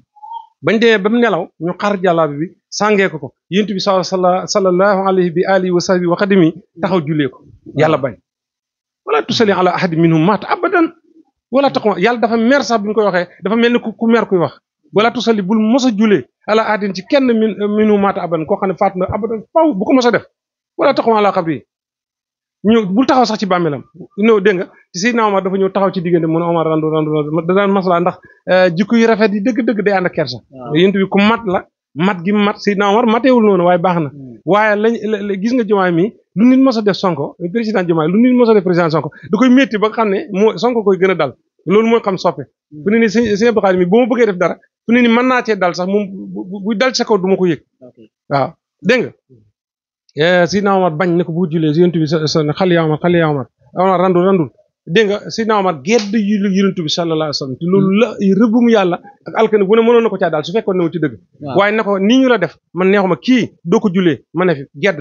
bañ demee ba mu nelaw ñu xar jàllaabe bi sàngee ko ko yontu bi saa sala sallallahu alayhi bi alihi wa wax wa mi taxaw jullee ko yàlla bañ wala tusali ala ahadi minhum maata abadan wala ma yàlla dafa mer sax bi ñu koy waxee dafa mel ni ku mer kuy wax wala tusali bul mos a ala addin ci kenn mi min euh, minu maata aban koo xam ne faatu na abadan faw bu ko mos a def wala taxuma laa xabri ñëw bul taxaw sax ci bàmmeelam ñëw dégg nga ci Seydina Omar dafa ñëw taxaw ci diggante mu ne Omar randu randu randu da daan maslaa ndax euh, jikko yu rafet yi dëgg-dëgg day ànd ak kersa yént bi ku mat la mat gi mat Seydina Omar mateewul noonu waaye baax na hmm. waaye lañ gis nga jumaay mi lu nit mos a def sonko président jumaay lu nit mos a def président sonko da koy métti ba xam ne moo sonko koy gën a dal loolu mooy xam soppe fu hmm. ne ni sëñ Abdou Khadre mi ba bëggee def dara fu ne nii mën naa sax moom bu dal sa kaw du ma ko yëg waaw dégg nga mm. eh, Sidna Omar bañ ne ko bu julee si yonent bi sa sa xale yaa Omar xale yaa Omar Omar randul randul dégg nga Sidna Omar gedd yu yonent bi sallallahu alayhi wa sallam te loolu mm. la yàlla ak alkane bu ne mënoon na ko caa daal su fekkoon ne ci dëgg waaye na ko nii ñu la def man neexuma kii doo ko julee ma ne fi gedd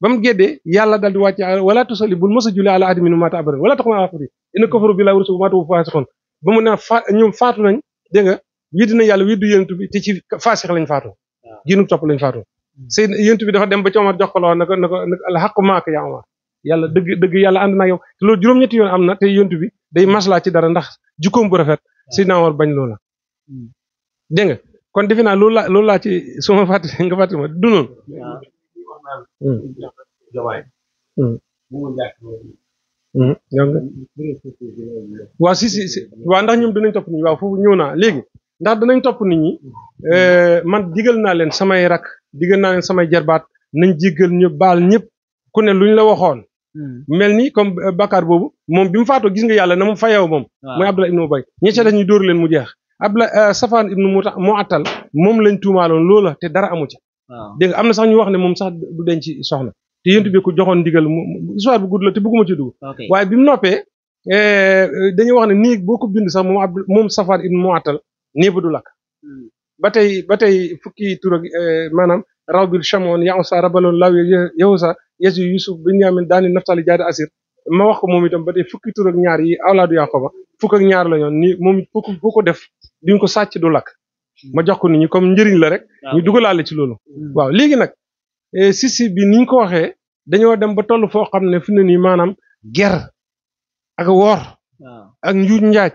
ba mu geddee yàlla daal di wàcc wala tusalli bul mos a julee ala adamin mata abadan wala tax na afri inna kafaru billahi wa rasulihi mata fasiqun faatu nañ dégg widdi nañ yàlla widdu yonent bi te ci faasix lañ faatoo giinu topp lañ faatoo sëy yonent bi dafa dem ba ci Omar jox na ko na ko al haqqu maaka yaa Omar yàlla dëgg yàlla ànd naa yow te loolu juróom-ñetti yoon am na te yonent bi day maslaa ci dara ndax jikkoom bu rafet Seydina Omar bañ loola dégg nga kon defe naa loolu laa loolu laa ci su ma fàttali nga fàttali ma du noonu waaw si si si waaw ndax ñoom dinañ topp nii waaw naa léegi ndax danañ topp nit ñi eh, man digal naa leen samay rak digal naa leen samay jarbaat nañ jéggal ñu baal ñëpp ku ne luñ la waxoon hmm. mel ni comme eh, bakkaar boobu moom bi mu faatoo gis nga yàlla na mu fayew moom mooy Abdullah ibnu Ubay ñi ca des ñu dóor leen mu jeex Abdullah eh, Safaan ibnu mu moo attal moom lañ tuumaaloon loola te dara amu ca dégg nga am na sax ñu wax ne moom sax du denc soxna te yéntu bi ko joxoon ndigal mu histoire bu gudd la te ci dugg waaye bi noppee dañuy wax ne nii boo ko bind sax moom moom Safaan ibnu mu attal néebu du lakk hmm. ba tey ba tey fukki tur ak eh, maanaam raw bil chamoon yahusa rabaloon law yahusa yesu yusuf binyamin daani naftali jaadi asir ma wax ko moom itam ba tey fukki tur ak ñaar yi awlaadu yaqoba fukk ak ñaar la ñoon ni moom it ku ko def duñ ko sàcc du lakk hmm. ma jox ko nit ñi comme njëriñ la rek ñu dugalaale ci loolu hmm. waaw léegi nag eh, sisi bi niñ ko waxee dañoo dem ba toll foo xam ne fi ne nii maanaam ger ak woor ak njuuj njaaj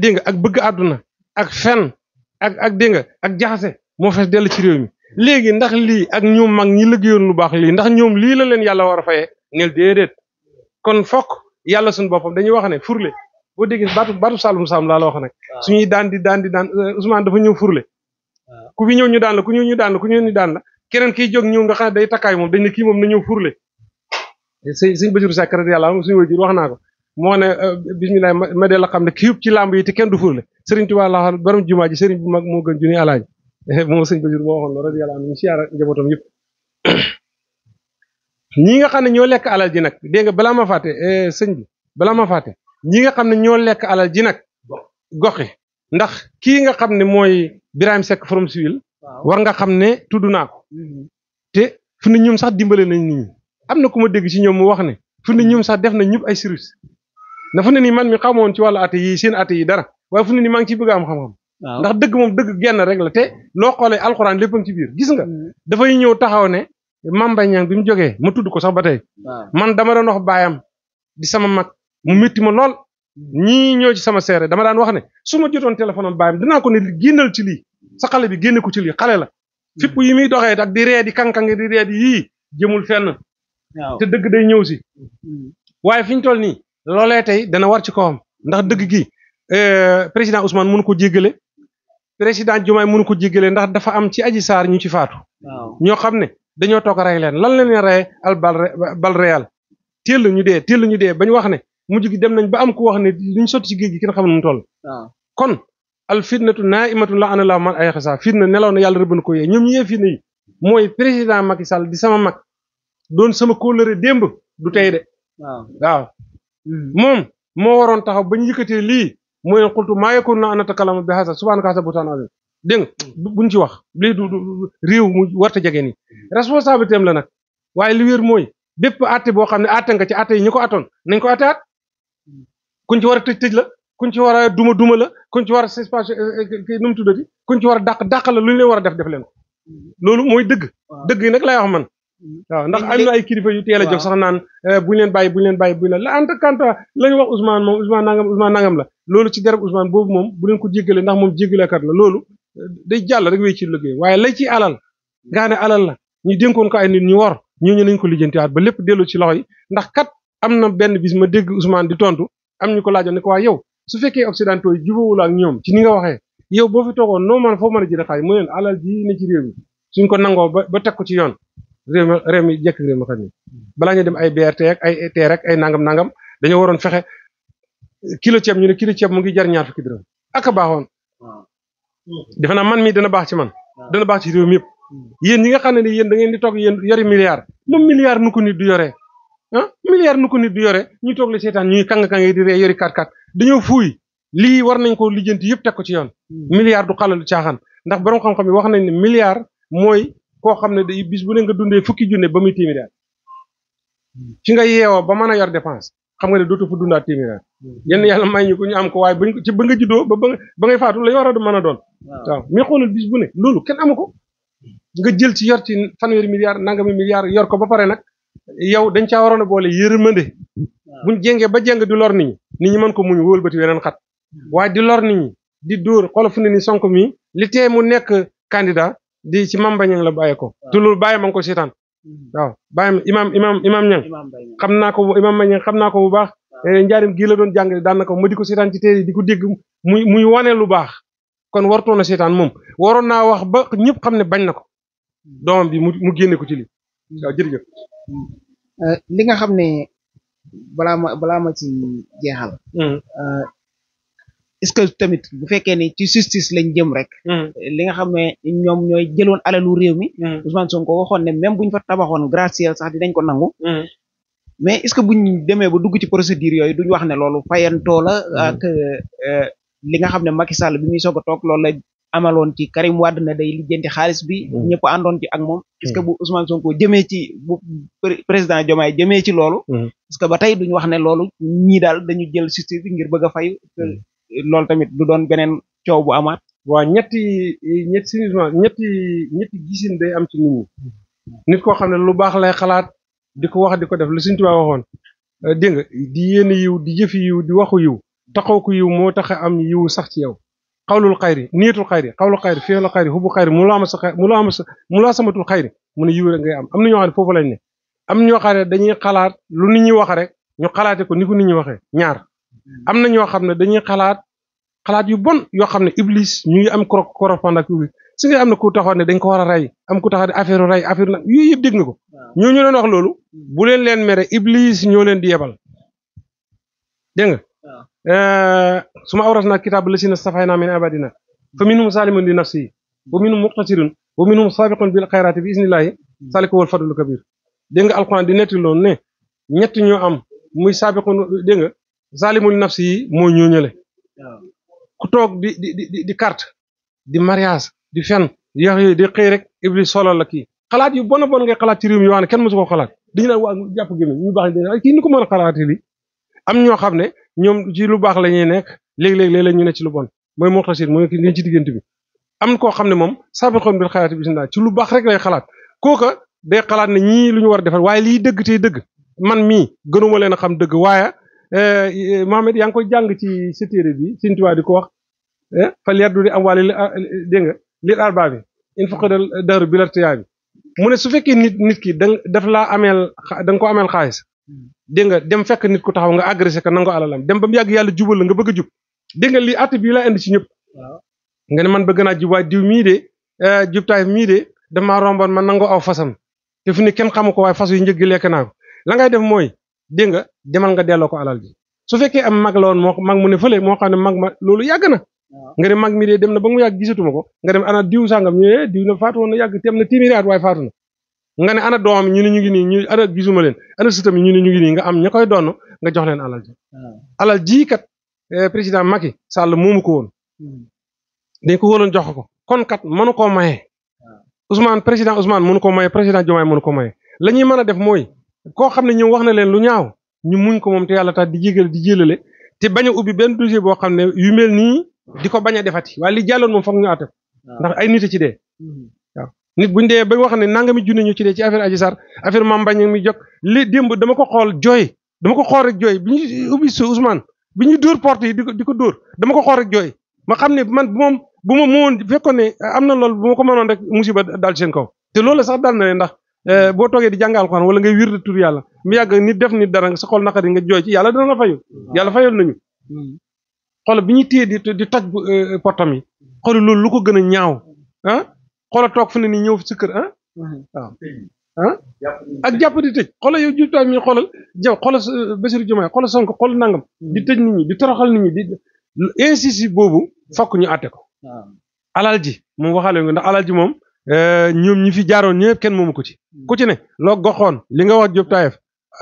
dégg nga ak bëgg àdduna ak fen ak ak dégg nga ak jaxase moo fees dell ci réew mi léegi ndax lii ak ñoom mag ñi liggéeyoon lu baax lii ndax ñoom lii la leen yàlla war a fayee neel kon fokk yàlla suñu boppam dañuy wax ne furle boo déggee baatu baatu Saloum Saloum laa la wax nag. suñuy daan di daan di daan euh, Ousmane dafa ñëw furle. ku fi ñëw ñu daan la ku ñëw ñu daan la ku ñëw ñu daan keneen ki jóg ñëw nga xam ne day takkaay moom dañ ne kii moom na ñëw furle. sëñ sëñ Basiru Sakar yàlla suñu wajur wax naa ko moo ne euh, bisimilah ma dee xam ne kii ci làmb yi te kenn du furle sëriñ Tuubaa la waxal borom jumaa ji sëriñ bu mag moo gën junni alaaji moo sëñ Basiru moo waxoon loolu radiyallaahu anhu siyaara njabootam yëpp ñi nga xam ne ñoo lekk alal ji nag dégg nga balaa fàtte eh, sëñ balaa ma fàtte ñi nga xam ne ñoo lekk alal ji nag goxi ndax kii nga xam ne mooy Birahim Seck Forum Civil war nga xam ne tudd naa mhm. te fu ne ñoom sax dimbale nañ nit am na ku ma dégg ci ñoom mu wax ne fu ne ñoom sax def na ñëpp ay service na fu ne ni man mi xamoon ci wàllu at yi seen at yi dara waaye fu ne nii maa ngi ciy bëgg a am xam-xam. ndax dëgg moom dëgg genn rek la te loo xoolee alxuraan léppam ci biir gis nga. Mm. dafay ñëw taxaw ne Mame Mbaye Niang bi mu jógee ma tudd ko sax ba tey. man dama doon wax baayam di sama mag mu métti ma lool. Mm. ñii ñëw ci sama seere dama daan wax ne su ma jotoon téléphone am baayam dinaa ko ne génnal ci lii sa xale bi génne ko ci xale la. Mm. fipp yi muy doxee ak di ree di kankange di ree di yii jëmul fenn. te dëgg day ñëw si. waaye fi ñu toll nii loolee tey dana war ci kawam ndax dëgg gi Eh, président Ousmane mënu ko jéggale président Diomaye mënu ko jéggale ndax dafa am ci aji saar ñu ci faatu. ñoo xam ne dañoo toog rey leen lan la ñuy reyee al bal bal réel teel ñu dee teel ñu dee bañ wax ne mujj gi dem nañ ba am ku wax ne liñ sotti ci géej gi kenn xam mu toll. kon al fitnatu naaimatu la ana la man ay xasaa fitna nelaw na yàlla rëbban ko yee ñoom ñi fitna yi mooy président Macky di sama mag doon sama kóllëre démb du tey de. waaw hmm. mooy ne xultu maa yakun na an atakallama bi haza subhanaka haza butaan azim dégg nga mm. buñ ci wax lii du réew mu warta jege ni mm. responsabilité am la nag waaye li wér mooy bépp àtte boo xam ne àtte nga ci àtte yi ñu ko attoon nañ ko àtte at mm. kuñ ci war a tëj tëj la kuñ ci war a duma duma la kuñ ci war a suspension eh, eh, nu mu tuddati kuñ ci war a dàq dàq la lu ñu leen war a def def leen ko loolu mooy dëgg dëgg yi nag laay wax man Mm. waaw ndax am na ay kilifa yu teel a jox sax naan eh, bu ñu leen bàyyi bu ñu leen bàyyi bu ñu la en tout cas la ñu wax Ousmane moom Ousmane nangam Ousmane la loolu ci dereb Ousmane boobu moom bu leen ko jéggale ndax moom jéggalekat la loolu eh, day jàll rek ci liggéey waaye lay ci alal nga ne la ñu dénkoon ko ay nit ñu wor ñooñu nañ ko lijjantiwaat ba lépp dellu ci loxo yi ndax kat am na benn bis ma dégg Ousmane di tontu am ñu ko laajoon ne ko waa yow su fekkee occidentaux yi jubawul ak ñoom ci ni nga waxee yow boo fi toogoon noo man foo mën a jëlee xaalis mu leen alal ji ne ci réew mi suñ ko nangoo ba teg ko ci yoon réew mi réew mi jekk réew mi xam ni balaa ñu dem ay BRT ak ay e TER ay nangam nangam dañoo waroon fexe kilo ceeb ñu ne kilo ceeb mu ngi jar ñaar fukki dërëm ak a baaxoon. man mi dana baax ci man. dana baax ci réew mi yëpp. yéen ñi nga xam ne ni da ngeen di toog yéen yori milliard moom milliard nu ko nit du yoree ah milliard nit du yore ñu toog la seetaan ñuy kàng-kàng yi di ree yori kat kat dañoo fuuy lii war nañ ko lijjanti yëpp teg ko ci yoon. Hmm. milliard du xalalu caaxaan ndax borom xam-xam yi wax nañ ne milliard mooy koo xam ne day bis bu ne nga dundee fukki junne ba muy téeméer ci nga yeewoo ba mën a yor dépense xam nga ne dootu fa dundaat téeméer yenn yàlla may ñu ko ñu am ko waaye bañ ci ba nga juddoo ba ba nga ngay faatu la yoroon mën a doon. waaw mais xoolal bis bu ne loolu kenn amu ko. nga jël ci yor ci fanweeri milliards nangami milliards yor ko ba pare nag yow dañ caa waroon a boole yërmande. buñ jéngee ba jéng di lor nit ñi nit ñi mën ko muñ wëlbati weneen xat hmm. waaye di lor nit ñi di dóor xoolal fu ne Sonko mi li mu nekk candidat di ci Mame Mbaye Niang la bàyyee ko du ba bàyyi ma ko seetaan mm-hmm. waaw bàyyi imaam imaam imaam Niang xam naa ko imaam Mbaye Niang xam naa ko bu baax njaarim gii la doon jàngale daan na ko mo di ko seetaan ci téere di ko dégg muy muy wane lu baax kon wartoon a seetaan moom waroon naa wax ba ñëpp xam ne bañ na ko mm-hmm. doom bi mu génne ko ci lii mm-hmm. waaw jërëjëf euh, li nga xam
ne balaa ma balaa ma ci est-ce que tamit bu fekkee ni ci sustice lañ jëm rek. Hmm. li nga xam ne ñoom ñooy jëloon alalu réew mi. Hmm. Ousmane Sonko waxoon ne même bu fa tabaxoon gracier sax dinañ ko nangu. Hmm. mais est-ce que buñ demee ba dugg ci procédure yooyu duñ wax ne loolu fayantoo la. ak euh, li nga xam ne Macky Sall bi muy soog a toog loolu la amaloon ci Karim Wade na day lijjanti xaalis bi. ñëpp àndoon ci ak moom. est bu Ousmane Sonko jëmee ci bu président Diomaye jëmee ci loolu. est-ce que ba tey duñ wax ne loolu ñii daal dañu jël justice bi ngir bëgg a fay. lool tamit du doon beneen
coow bu amaat. waaw ñetti ñetti ñetti ñetti gisin day am ci nit ñi koo xam ne lu baax lay xalaat di ko wax di ko def lu Sëriñ Tuubaa waxoon euh, dégg di yéene yiw di jëfi yiw di waxu yiw taxaw ko yiw moo tax am yiw sax ci yow xawlul xayri niitul xayri xawlul xayri fi'lul xayri hubbul xayri mu laa ma sa mu laa ma sa mu laa samatul xayri mu ne yiw rek ngay am am na ñoo xam ne foofu lañ ne ñoo xam dañuy xalaat lu nit ñi wax rek ñu xalaate ko ni ko nit ñi waxee ñaar am na ñoo xam ne dañuy xalaat xalaat yu bon yoo xam ne iblis ñu ngi am koro ak iblis su nga am na ku taxaw ne dañ ko war a rey am ku taxa ne affaire rey affaire nag yooyu yëpp ko. ñoo ñu leen wax loolu. bu leen leen mere iblis ñoo leen di yebal dégg nga. Eh, su ma awras naa kitaab la na safay naa min abadina fa minhum zalimun li nafsihi wa minhum muqtasirun wa minhum sabiqun bil xayraati bi isnillahi salika wal fadlul kabir dégg nga alquran di netti loon ne ñett ñoo am muy sabiqun dégg nga zaalimul nafsi yi moo ñooñale ku toog di di di di carte di mariage di fen di yax di xëy rek iblis solo la kii xalaat yi bon a bon ngay xalaat ci réew mi yoo ne kenn mosu xalaat dañu naan waa jàpp ñu baax ni kii ni ko mën a xalaatee li am ñoo xam ne ñoom ci lu baax la ñuy nekk léeg-léeg léeg ñu ne ci lu bon mooy muxtasir mooy li ci diggante bi am koo xam ne moom saabixoon bil xayraati bi bismillah ci lu baax rek lay xalaat kooka de xalaat ne ñii lu ñu war a defal waaye lii dëgg tey dëgg man mii gënuma leen a xam dëgg waaye Eh, eh, Mohamed yaa ngi koy jàng ci sa téere bi Sëñ di ko wax eh, fa leer du di am waale ah, dégg nga liir arbaa bi in faqadal da bi lartiyaa bi mu ne su fekkee nit nit ki da daf laa ameel da nga ko ameel xaalis dégg nga dem fekk nit ko taxaw nga agressé ko nangu alalam dem ba mu yàgg yàlla jubal la nga bëgg a jub dégg nga att bii laa indi ci ñëpp nga ne man bëgg naa jub waaye diw mii de jub mii de damaa romboon man nangoo aw fasam te fu ne kenn xamu ko waaye fas yu njëggi lekk naa ko la mooy dégg demal nga delloo ko alal ji su fekkee am mag la woon moo mag mu ne fële moo xam ne mag ma loolu yàgg na nga ne mag mi de dem na ba mu yàgg gisatuma ko nga dem ana diw sàngam ñu ne eh, diw na faatu woon na yàgg tem na téeméeri at waaye faatu na nga ne ana doom ñu ne ñu ngi nii ñu ana gisuma leen ana sëtam yi ñu ne ñu ngi nii nga am ña koy doon nga jox leen alal ji jii kat eh, président Macky Sall moomu ko woon hmm. dañ ko wóoloon jox ko kon kat mënu koo maye Ousmane président Ousmane mënu ko maye président Diomaye mënu ko maye la ñuy mën a def mooy koo xam ne ñëw wax na leen lu ñaaw ñu muñ ko moom te yàlla tax di jégal di jélale te bañ a ubbi benn dossier boo xam ne yu mel nii di ko bañ a defati waaye li jàlloon moom foog ñu àtte ndax ay nit a ci dee mm-hmm. waaw nit buñu dee ba wax ne nangami junne ñu ci dee ci affaire Adji Sarr affaire Mame Mbaye Niang mi jog li démb dama ko xool jooy dama ko xool rek jooy bi ñu ubbi su Ousmane bi ñu dóor porti yi di ko di ko dóor dama ko xool rek jooy ma xam ne man bu moom bu ma moowoon fekkoon ne am na lool bu ma ko mënoon rek musiba dal seen kaw te loolu ndax Eh, boo toogee di jàng alxuraan wala ngay wir de tur yàlla mu yàgg nit def nit dara sa xol naqari nga jooy ci yàlla dana la fayu yàlla fayal nañu hmm. xolo bi ñu téye di di toj eh, potam yi xool loolu lu ko gën a ñaaw ah xolo toog fu ne ni ñëw fi si kër ah? Hmm. ah ak jàpp di tëj xolo yow jutaay mi xoolal jaw xolo eh, Bassirou Diomaye xolo Sonko xolo nangam hmm. di tëj nit ñi di toroxal nit ñi di insisi boobu fokk ñu àtte ko alal ji moom waxaale nga ndax alal ji moom Eh, ñoom ñi fi jaaroon ñëpp kenn moomu ko ci ku ci ne loo goxoon li nga wax Diop Taïf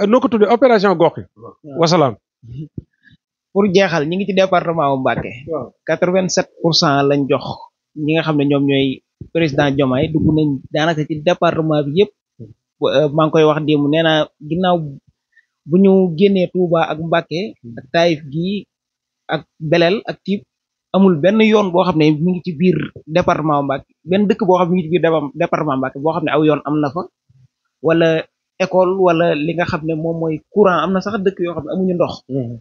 eh, ko tuddee opération gox
yi pour jeexal ñi ngi ci département bu Mbacké quatre-vingt-sept pour cent lañ jox ñi nga xam ne ñoom ñooy président Diomaye dugg nañ daanaka ci département bi yëpp eh, maa ngi koy wax démb nee naa ginnaaw bu ñu génnee Touba ak Mbacké hmm. ak Taïf ak Belel ak Tiib amul benn yoon boo xam ne mi ngi ci biir département Mbacké benn dëkk bo xam ne mi ngi ci biir département bo xam ne aw yoon am na fa wala école wala li nga xam ne moom mooy courant am na sax dëkk yoo xam ne amuñu ndox mm-hmm.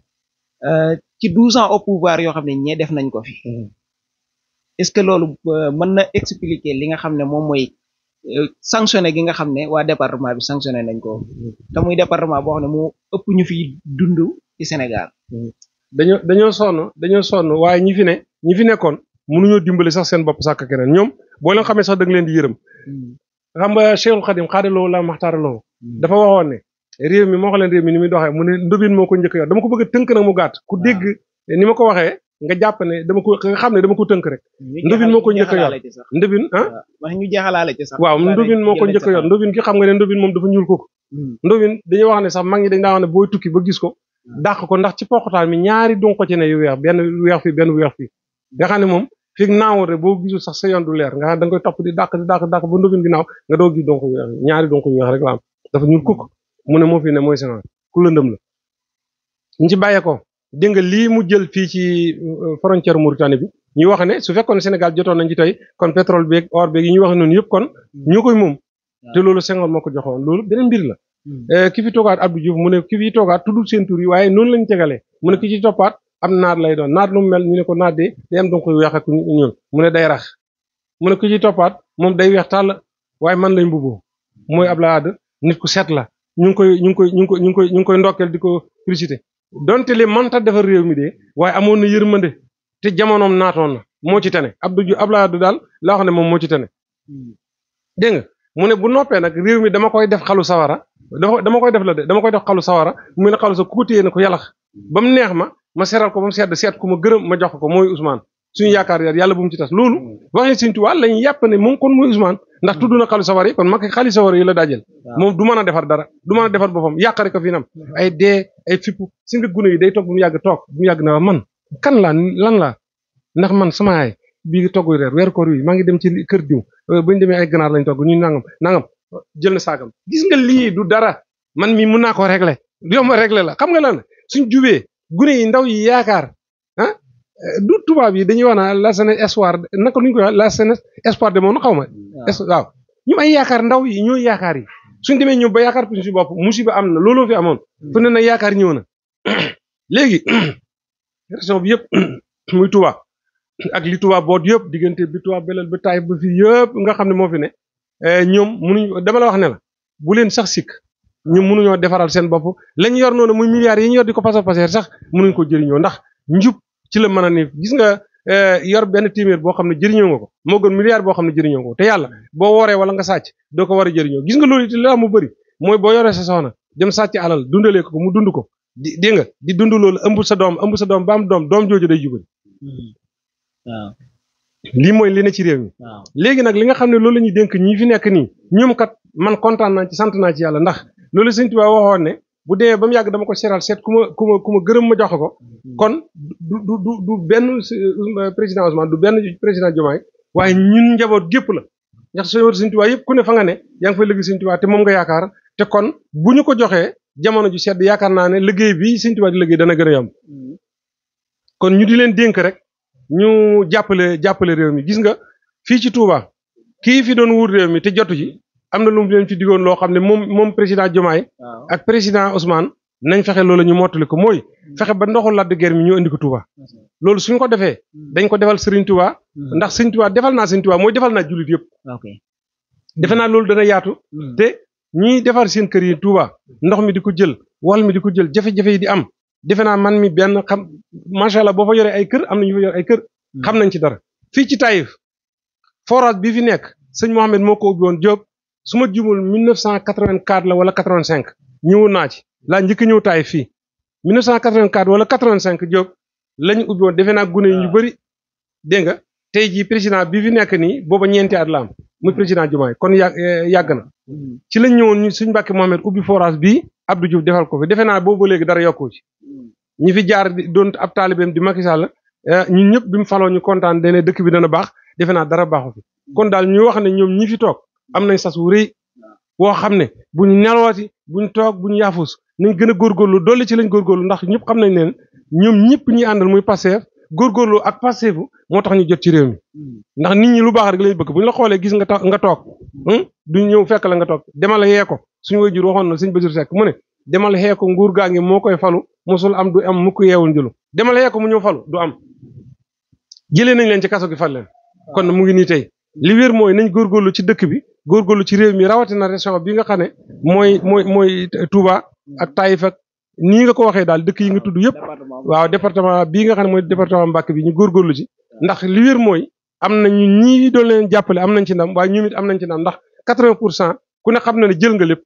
euh, ci douze ans au yoo xam ne ñee def nañ ko fi mm-hmm. est-ce que loolu euh, mën na expliquer li nga xam ne moom mooy euh, sanctionné gi nga xam ne waa département bi sanctionné nañ ko mm-hmm. te muy département boo xam ne moo ëpp ñu fi dund
ci Sénégal dañoo dañoo sonn dañoo sonn waaye ñi fi ne ñi fi nekkoon mënuñoo dimbali sax seen bopp sàkk keneen ñoom boo leen xamee sax da leen di yërëm. Hmm. xam nga Cheikhul Khadim xaadaloo la maxtaaraloo hmm. dafa waxoon ne réew mi moo xam leen réew mi ni muy doxee mu ne moo ko njëkk yor dama ko bëgg a tënk mu gàtt ku dégg ni ma ko waxee nga jàpp ne dama ko nga xam ne dama ko tënk rek hmm. ndobin moo ko njëkk yor ndobin ah
ñu jeexalaale ci sax waaw ndobin moo ko njëkk yor
ndobin ki xam nga ne ndobin moom dafa ñuul kooku ndobin dañuy wax ne sax mag ñi dañ daa wax ne booy tukki ba gis ko dàq ko ndax ci poqutaan mi ñaari dunq ci ne yu weex benn weex fi benn weex fi nga xam ne moom fi naawoo rek boo gisul sax sa yoon du leer nga xam da koy topp di dàq di dàq bo ba ndóbin ginnaaw nga doo gis donc ñaari donc yu weex rek la dafa ñuul kukk mu ne moo fi ne mooy Sénégal ku lëndëm la. ñu ci bàyyee ko dégg lii mu jël fii ci euh, frontière Mauritanie bi ñuy wax ne su fekkoon Sénégal jotoon nañ ci tey kon pétrole beeg or beeg yi ñuy wax noonu yëpp kon ñu koy moom. te loolu Senghor moo ko joxoon loolu beneen mbir la. Hmm. Eh, ki fi toogaat Abdou Diouf mu ne ki fi toogaat tuddul seen tur waaye noonu lañ tegalee mu ne ki ci toppaat am naar lay doon naar lu mu mel ñu ne ko naar de day am donc koy weex ak ñun mu ne day rax mu ne ki ci toppaat moom day weex tàll waaye man lañ mbubboo mooy Abdoulaye Wade nit ku set la ñu ngi koy ñu ngi koy ñu ngi koy ñu ngi koy ñu ngi koy ndokkeel di ko félicité donte li mënta defar réew mi de waaye amoon na yërmande te jamonoom naatoon na moo ci tane Abdou Diouf Abdoulaye Wade daal laa wax ne moom moo ci tane hmm. dégg nga mu ne bu noppee nag réew mi dama koy def xalu sawara dafa dama koy def la de dama koy def xalu sawara mu ne xalu sa ku ko téye na ko yàllax ba mu neex ma ma seral ko ba mu sedd seet ku ma gërëm ma jox ko mooy Ousmane suñu yaakaar yar yàlla bu mu ci tas loolu waxi Sëñ Tuubaa lañu yàpp ne moom kon mooy Ousmane ndax tudd na xalu sawara yi kon ma koy xali sawara yi la daajeel moom du man a defar dara du mën a defar boppam yàqari ko fi nam ay dee ay fippu si nga gune yi day toog bu mu yàgg toog bu mu yàgg na man kan laa lan laa ndax man sama bii togg reer weer yi maa ngi dem ci kër diw bañu demee ay ganaar lañ togg ñu nangam nangam jël na saagam gis nga lii du dara man mi mun naa ko régler yomb régler la xam nga lan suñ jubee gune yi ndaw yi yaakaar ah, du tubaab yi dañuy wax na la jeunesse espoir naka lu la jeunesse espoir de moom xaw ma. waaw ñu ay yaakaar ndaw yi ñooy yaakaar yi suñ demee ñëw ba yaakaar suñu bopp musiba am na looloo fi amoon. Mm. fu ne na yaakaar ñëw na léegi région yëpp muy Touba ak li Touba boot yëpp diggante bi Touba Belel ba Taïf ba fii yëpp nga xam ne moo fi ne. Eh, ñoom mënuñ dama wax ne la bu leen sax sikk ñoom mënuñoo defaral seen bopp lañ yor noonu muy milliards yi ñu yor di ko pasar pasar sax mënuñ ko jëriñoo ndax njub ci la mën a ni gis nga eh, yor benn téeméer boo xam ne jëriñoo nga ko moo gën milliard boo xam ne jëriñoo nga ko te yàlla boo wooree wala nga sàcc doo ko war a jëriñoo gis nga loolu la mu bëri mooy boo yoree sa soxna dem sàcc alal dundalee ko mu dund ko di dégg nga di dund loolu ëmb sa doom ëmb sa doom ba am doom doom jooju day jubali hmm. lii mooy li ne ci réew mi. léegi nag li nga xam ne loolu la ñuy dénk ñi fi nekk nii ñoom kat man kontaan naa ci sant naa ci yàlla ndax loolu sëñ Tuubaa waxoon ne bu demee ba mu yàgg dama ko seeral seet ku ma ku ma ku ma gërëm ma jox ko. Mm-hmm. kon du du benn euh, président du benn président Diomaye waaye ñun njaboot gépp la ndax soo yor sëñ yëpp ku ne fa nga ne yaa ngi fay liggéey sëñ Tuubaa te moom nga yaakaar te kon bu ñu ko joxee jamono ju sedd yaakaar naa ne liggéey bi sëñ Tuubaa di liggéey dana gën a yomb mm-hmm. kon ñu di leen dénk rek ñu jàppale jàppale réew mi gis nga fii ci Touba kii fi doon wuur réew mi te jotu ci am na lu mu leen ci digoon loo xam ne moom moom président Diomaye ak président Ousmane nañ fexe loolu ñu mottali ko mooy mm. fexe ba ndoxu Lac de Guiers mi ñu indi ko Touba mm. loolu suñ ko defee mm. dañ ko defal Serigne Touba ndax Serigne Touba defal naa Serigne Touba mooy defal naa jullit yëpp defe naa loolu dana yaatu te ñiy defar seen kër yi Touba ndox mi di ko jël wal mi di ko jël jafe-jafe yi di am defe naa man mi benn xam macha boo fa yoree ay kër am na ñu fa yore ay kër. Hmm. xam nañ ci dara fii ci Taïf forage bi fi nekk sëñ Mohamed moo ko ubbiwoon Diop su ma jumul 1984 la wala 85 ñëwoon naa ci laa njëkk ñëw Taïf fii 1984 wala 85 Diop la ñu ubbiwoon defe naa gune yi ñu ah. bëri dégg nga tey jii président bii fi nekk nii boobu ñeenti at la am muy hmm. président Diomaye kon yà eh, yàgg na hmm. ci lañ ñëwoon suñ Mbàkke Mohamed ubbi forage bi Abdou Diouf defal ko fi defe naa boobu léegi dara yokku ci. ñi fi jaar di doon ab taalibeem di Macky Sall eh, ñun ñëpp bi mu faloo ñu kontaan dene dëkk bi dana baax defe naa dara baaxu fi kon daal ñu wax ne ñoom ñi fi toog am nañ sas wu rëy woo xam ne buñ ñu ñalooti bu ñu toog bu ñu yaafus nañ gën a góorgóorlu dolli ci lañ góorgóorlu ndax ñëpp xam nañ leen ñoom ñëpp ñi àndal muy Pastef góorgóorlu ak Pastef moo tax ñu jot ci réew mi ndax nit ñi lu baax rek lañ bëgg bu ñu la xoolee gis nga nga toog hmm, du ñëw fekk nga toog demal la yee ko suñu waajur waxoon na sëñ Bassirou Seck mu ne demal xeeko nguur gaa ngi moo koy falu mosul am du am mukk yeewul njulu demal xee ko mu ñëw falu du am jëlee nañ leen ci kaso gi fal leen kon mu ngi nii tey li mooy nañ góorgóorlu ci dëkk bi góorgóorlu ci réew mi rawatina région bi nga xam ne mooy mooy mooy Touba ak Taïf ni nii nga ko waxee daal dëkk yi nga tudd yëpp waaw département bi nga xam ne mooy département Mbàkke bi ñu góorgóorlu ci ndax li mooy am na ñu ñii doon leen jàppale am nañ ci ndam waaye ñoom am nañ ci ndam ndax 80 pour cent ku ne xam na ne jël nga lépp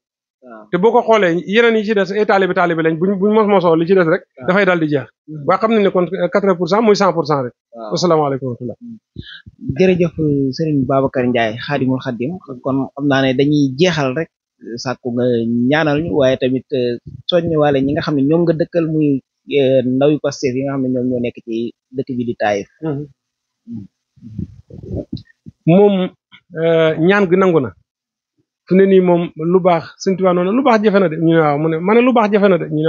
te boo ko xoolee yeneen yi ci des ay taalibe taalibe lañ buñ buñ mos mosoo li ci des rek dafay daal di jeex hmm. waa xam nañ ne kon quatre-vingt pour cent muy cent pour cent rek asalaamaaleykum wa rahmatulah hmm.
jërëjëf euh, Serigne Babacar Ndiaye Xaadimul Xaadim kon xam naa ne dañuy jeexal rek sàkku nga ñaanal ñu waaye tamit soñ euh, soññiwaale ñi nga xam ne ñoom nga dëkkal muy euh, ndawi Pastef yi nga xam ne ñoom ñoo nekk ci dëkk bi di Taif hmm.
moom ñaan gi nangu na fu ne nii moom lu baax Sëñ Tuubaa noonu lu baax jafe na de mu ne ma ne lu baax jafe na de ñu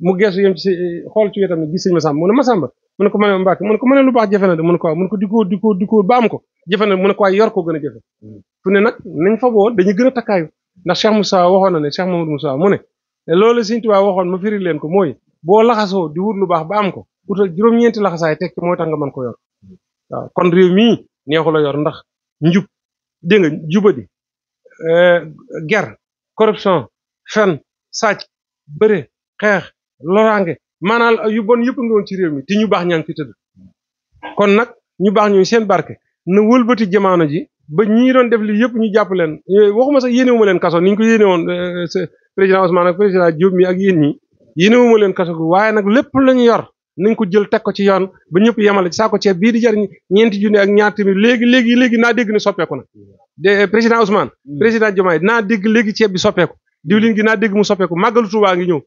mu geesu yem ci xool ci wetam gis sëñ Masamba mu ne Masamba mu ko ma ne Mbàkke ko ma lu baax jafe ne ko waaw mu ne ko ko di di ko ba ko jafe na mu ne ko waaye yor ko gën a ne nag nañ fa boo dañu gën a takkaayu ndax Cheikh Moussa waxoon na ne Cheikh Mamadou Moussa mu ne loolu Sëñ Tuubaa waxoon ma firi leen ko mooy boo laxasoo di wut lu baax ba am ko utal juróom-ñeenti laxasaay tekki mooy tax nga mën ko yor kon réew mii neexu la yor ndax njub dégg nga jubadi Euh, ger corruption fen sàcc bëre xeex loraange maanaam yu bon yëpp nga ci réew mi te ñu baax ñaa ngi fi kon nag ñu baax ñooñu seen barke na wëlbati jamaano ji ba ñi doon def li yëpp ñu jàpp leen euh, waxuma sax yéene wu ma leen kaso ni ñu ko yéene woon euh, président Ousmane ak président Diop mi ak yéen ñi yéene wu ma leen kaso waaye nag lépp lañu yor nañ ko jël teg ko ci yoon ba ñëpp yemale saako ceeb bii di jariñ ñeenti junni ak ñaar tamit léegi léegi léegi na dégg ne soppeeku na de eh, président Ousmane hmm. président Diomaye naa dégg léegi ceeb bi soppeeku diwlin gi naa dégg mu soppeeku màggalu tuba ngi ñëw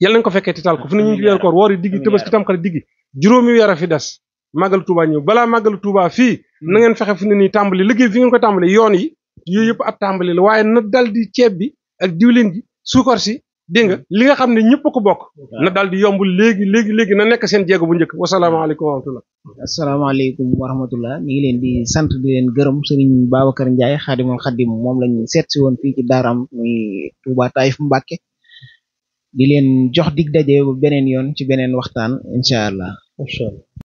yal nañ ko fekkee ti tal ko fu ne ñu weer koor woori diggi Tabaski Tamxarit diggi juróomi weer a fi des màggalu Tuubaa ñëw balaa màggalu Tuubaa fii hmm. na ngeen fexe fu ne nii tàmbali liggéey fi ngeen ko tàmbali yoon yi yooyu yëpp ab tàmbali la waaye na dal bi ak diwlin gi suukar si dégg hmm. li nga xam ne ñëpp ko bokk. na daal yomb léegi léegi léegi na nekk seen jéego bu njëkk wasalaamaaleykum wa rahmatulah. asalaamaaleykum
wa rahmatulah ñu ngi leen di sant di leen gërëm Serigne Babacar Ndiaye xaadimul xaadim moom la ñu seet si woon fii ci daaram muy Touba Taïf Mbacké di leen jox dig daje ba beneen yoon ci beneen waxtaan incha allah.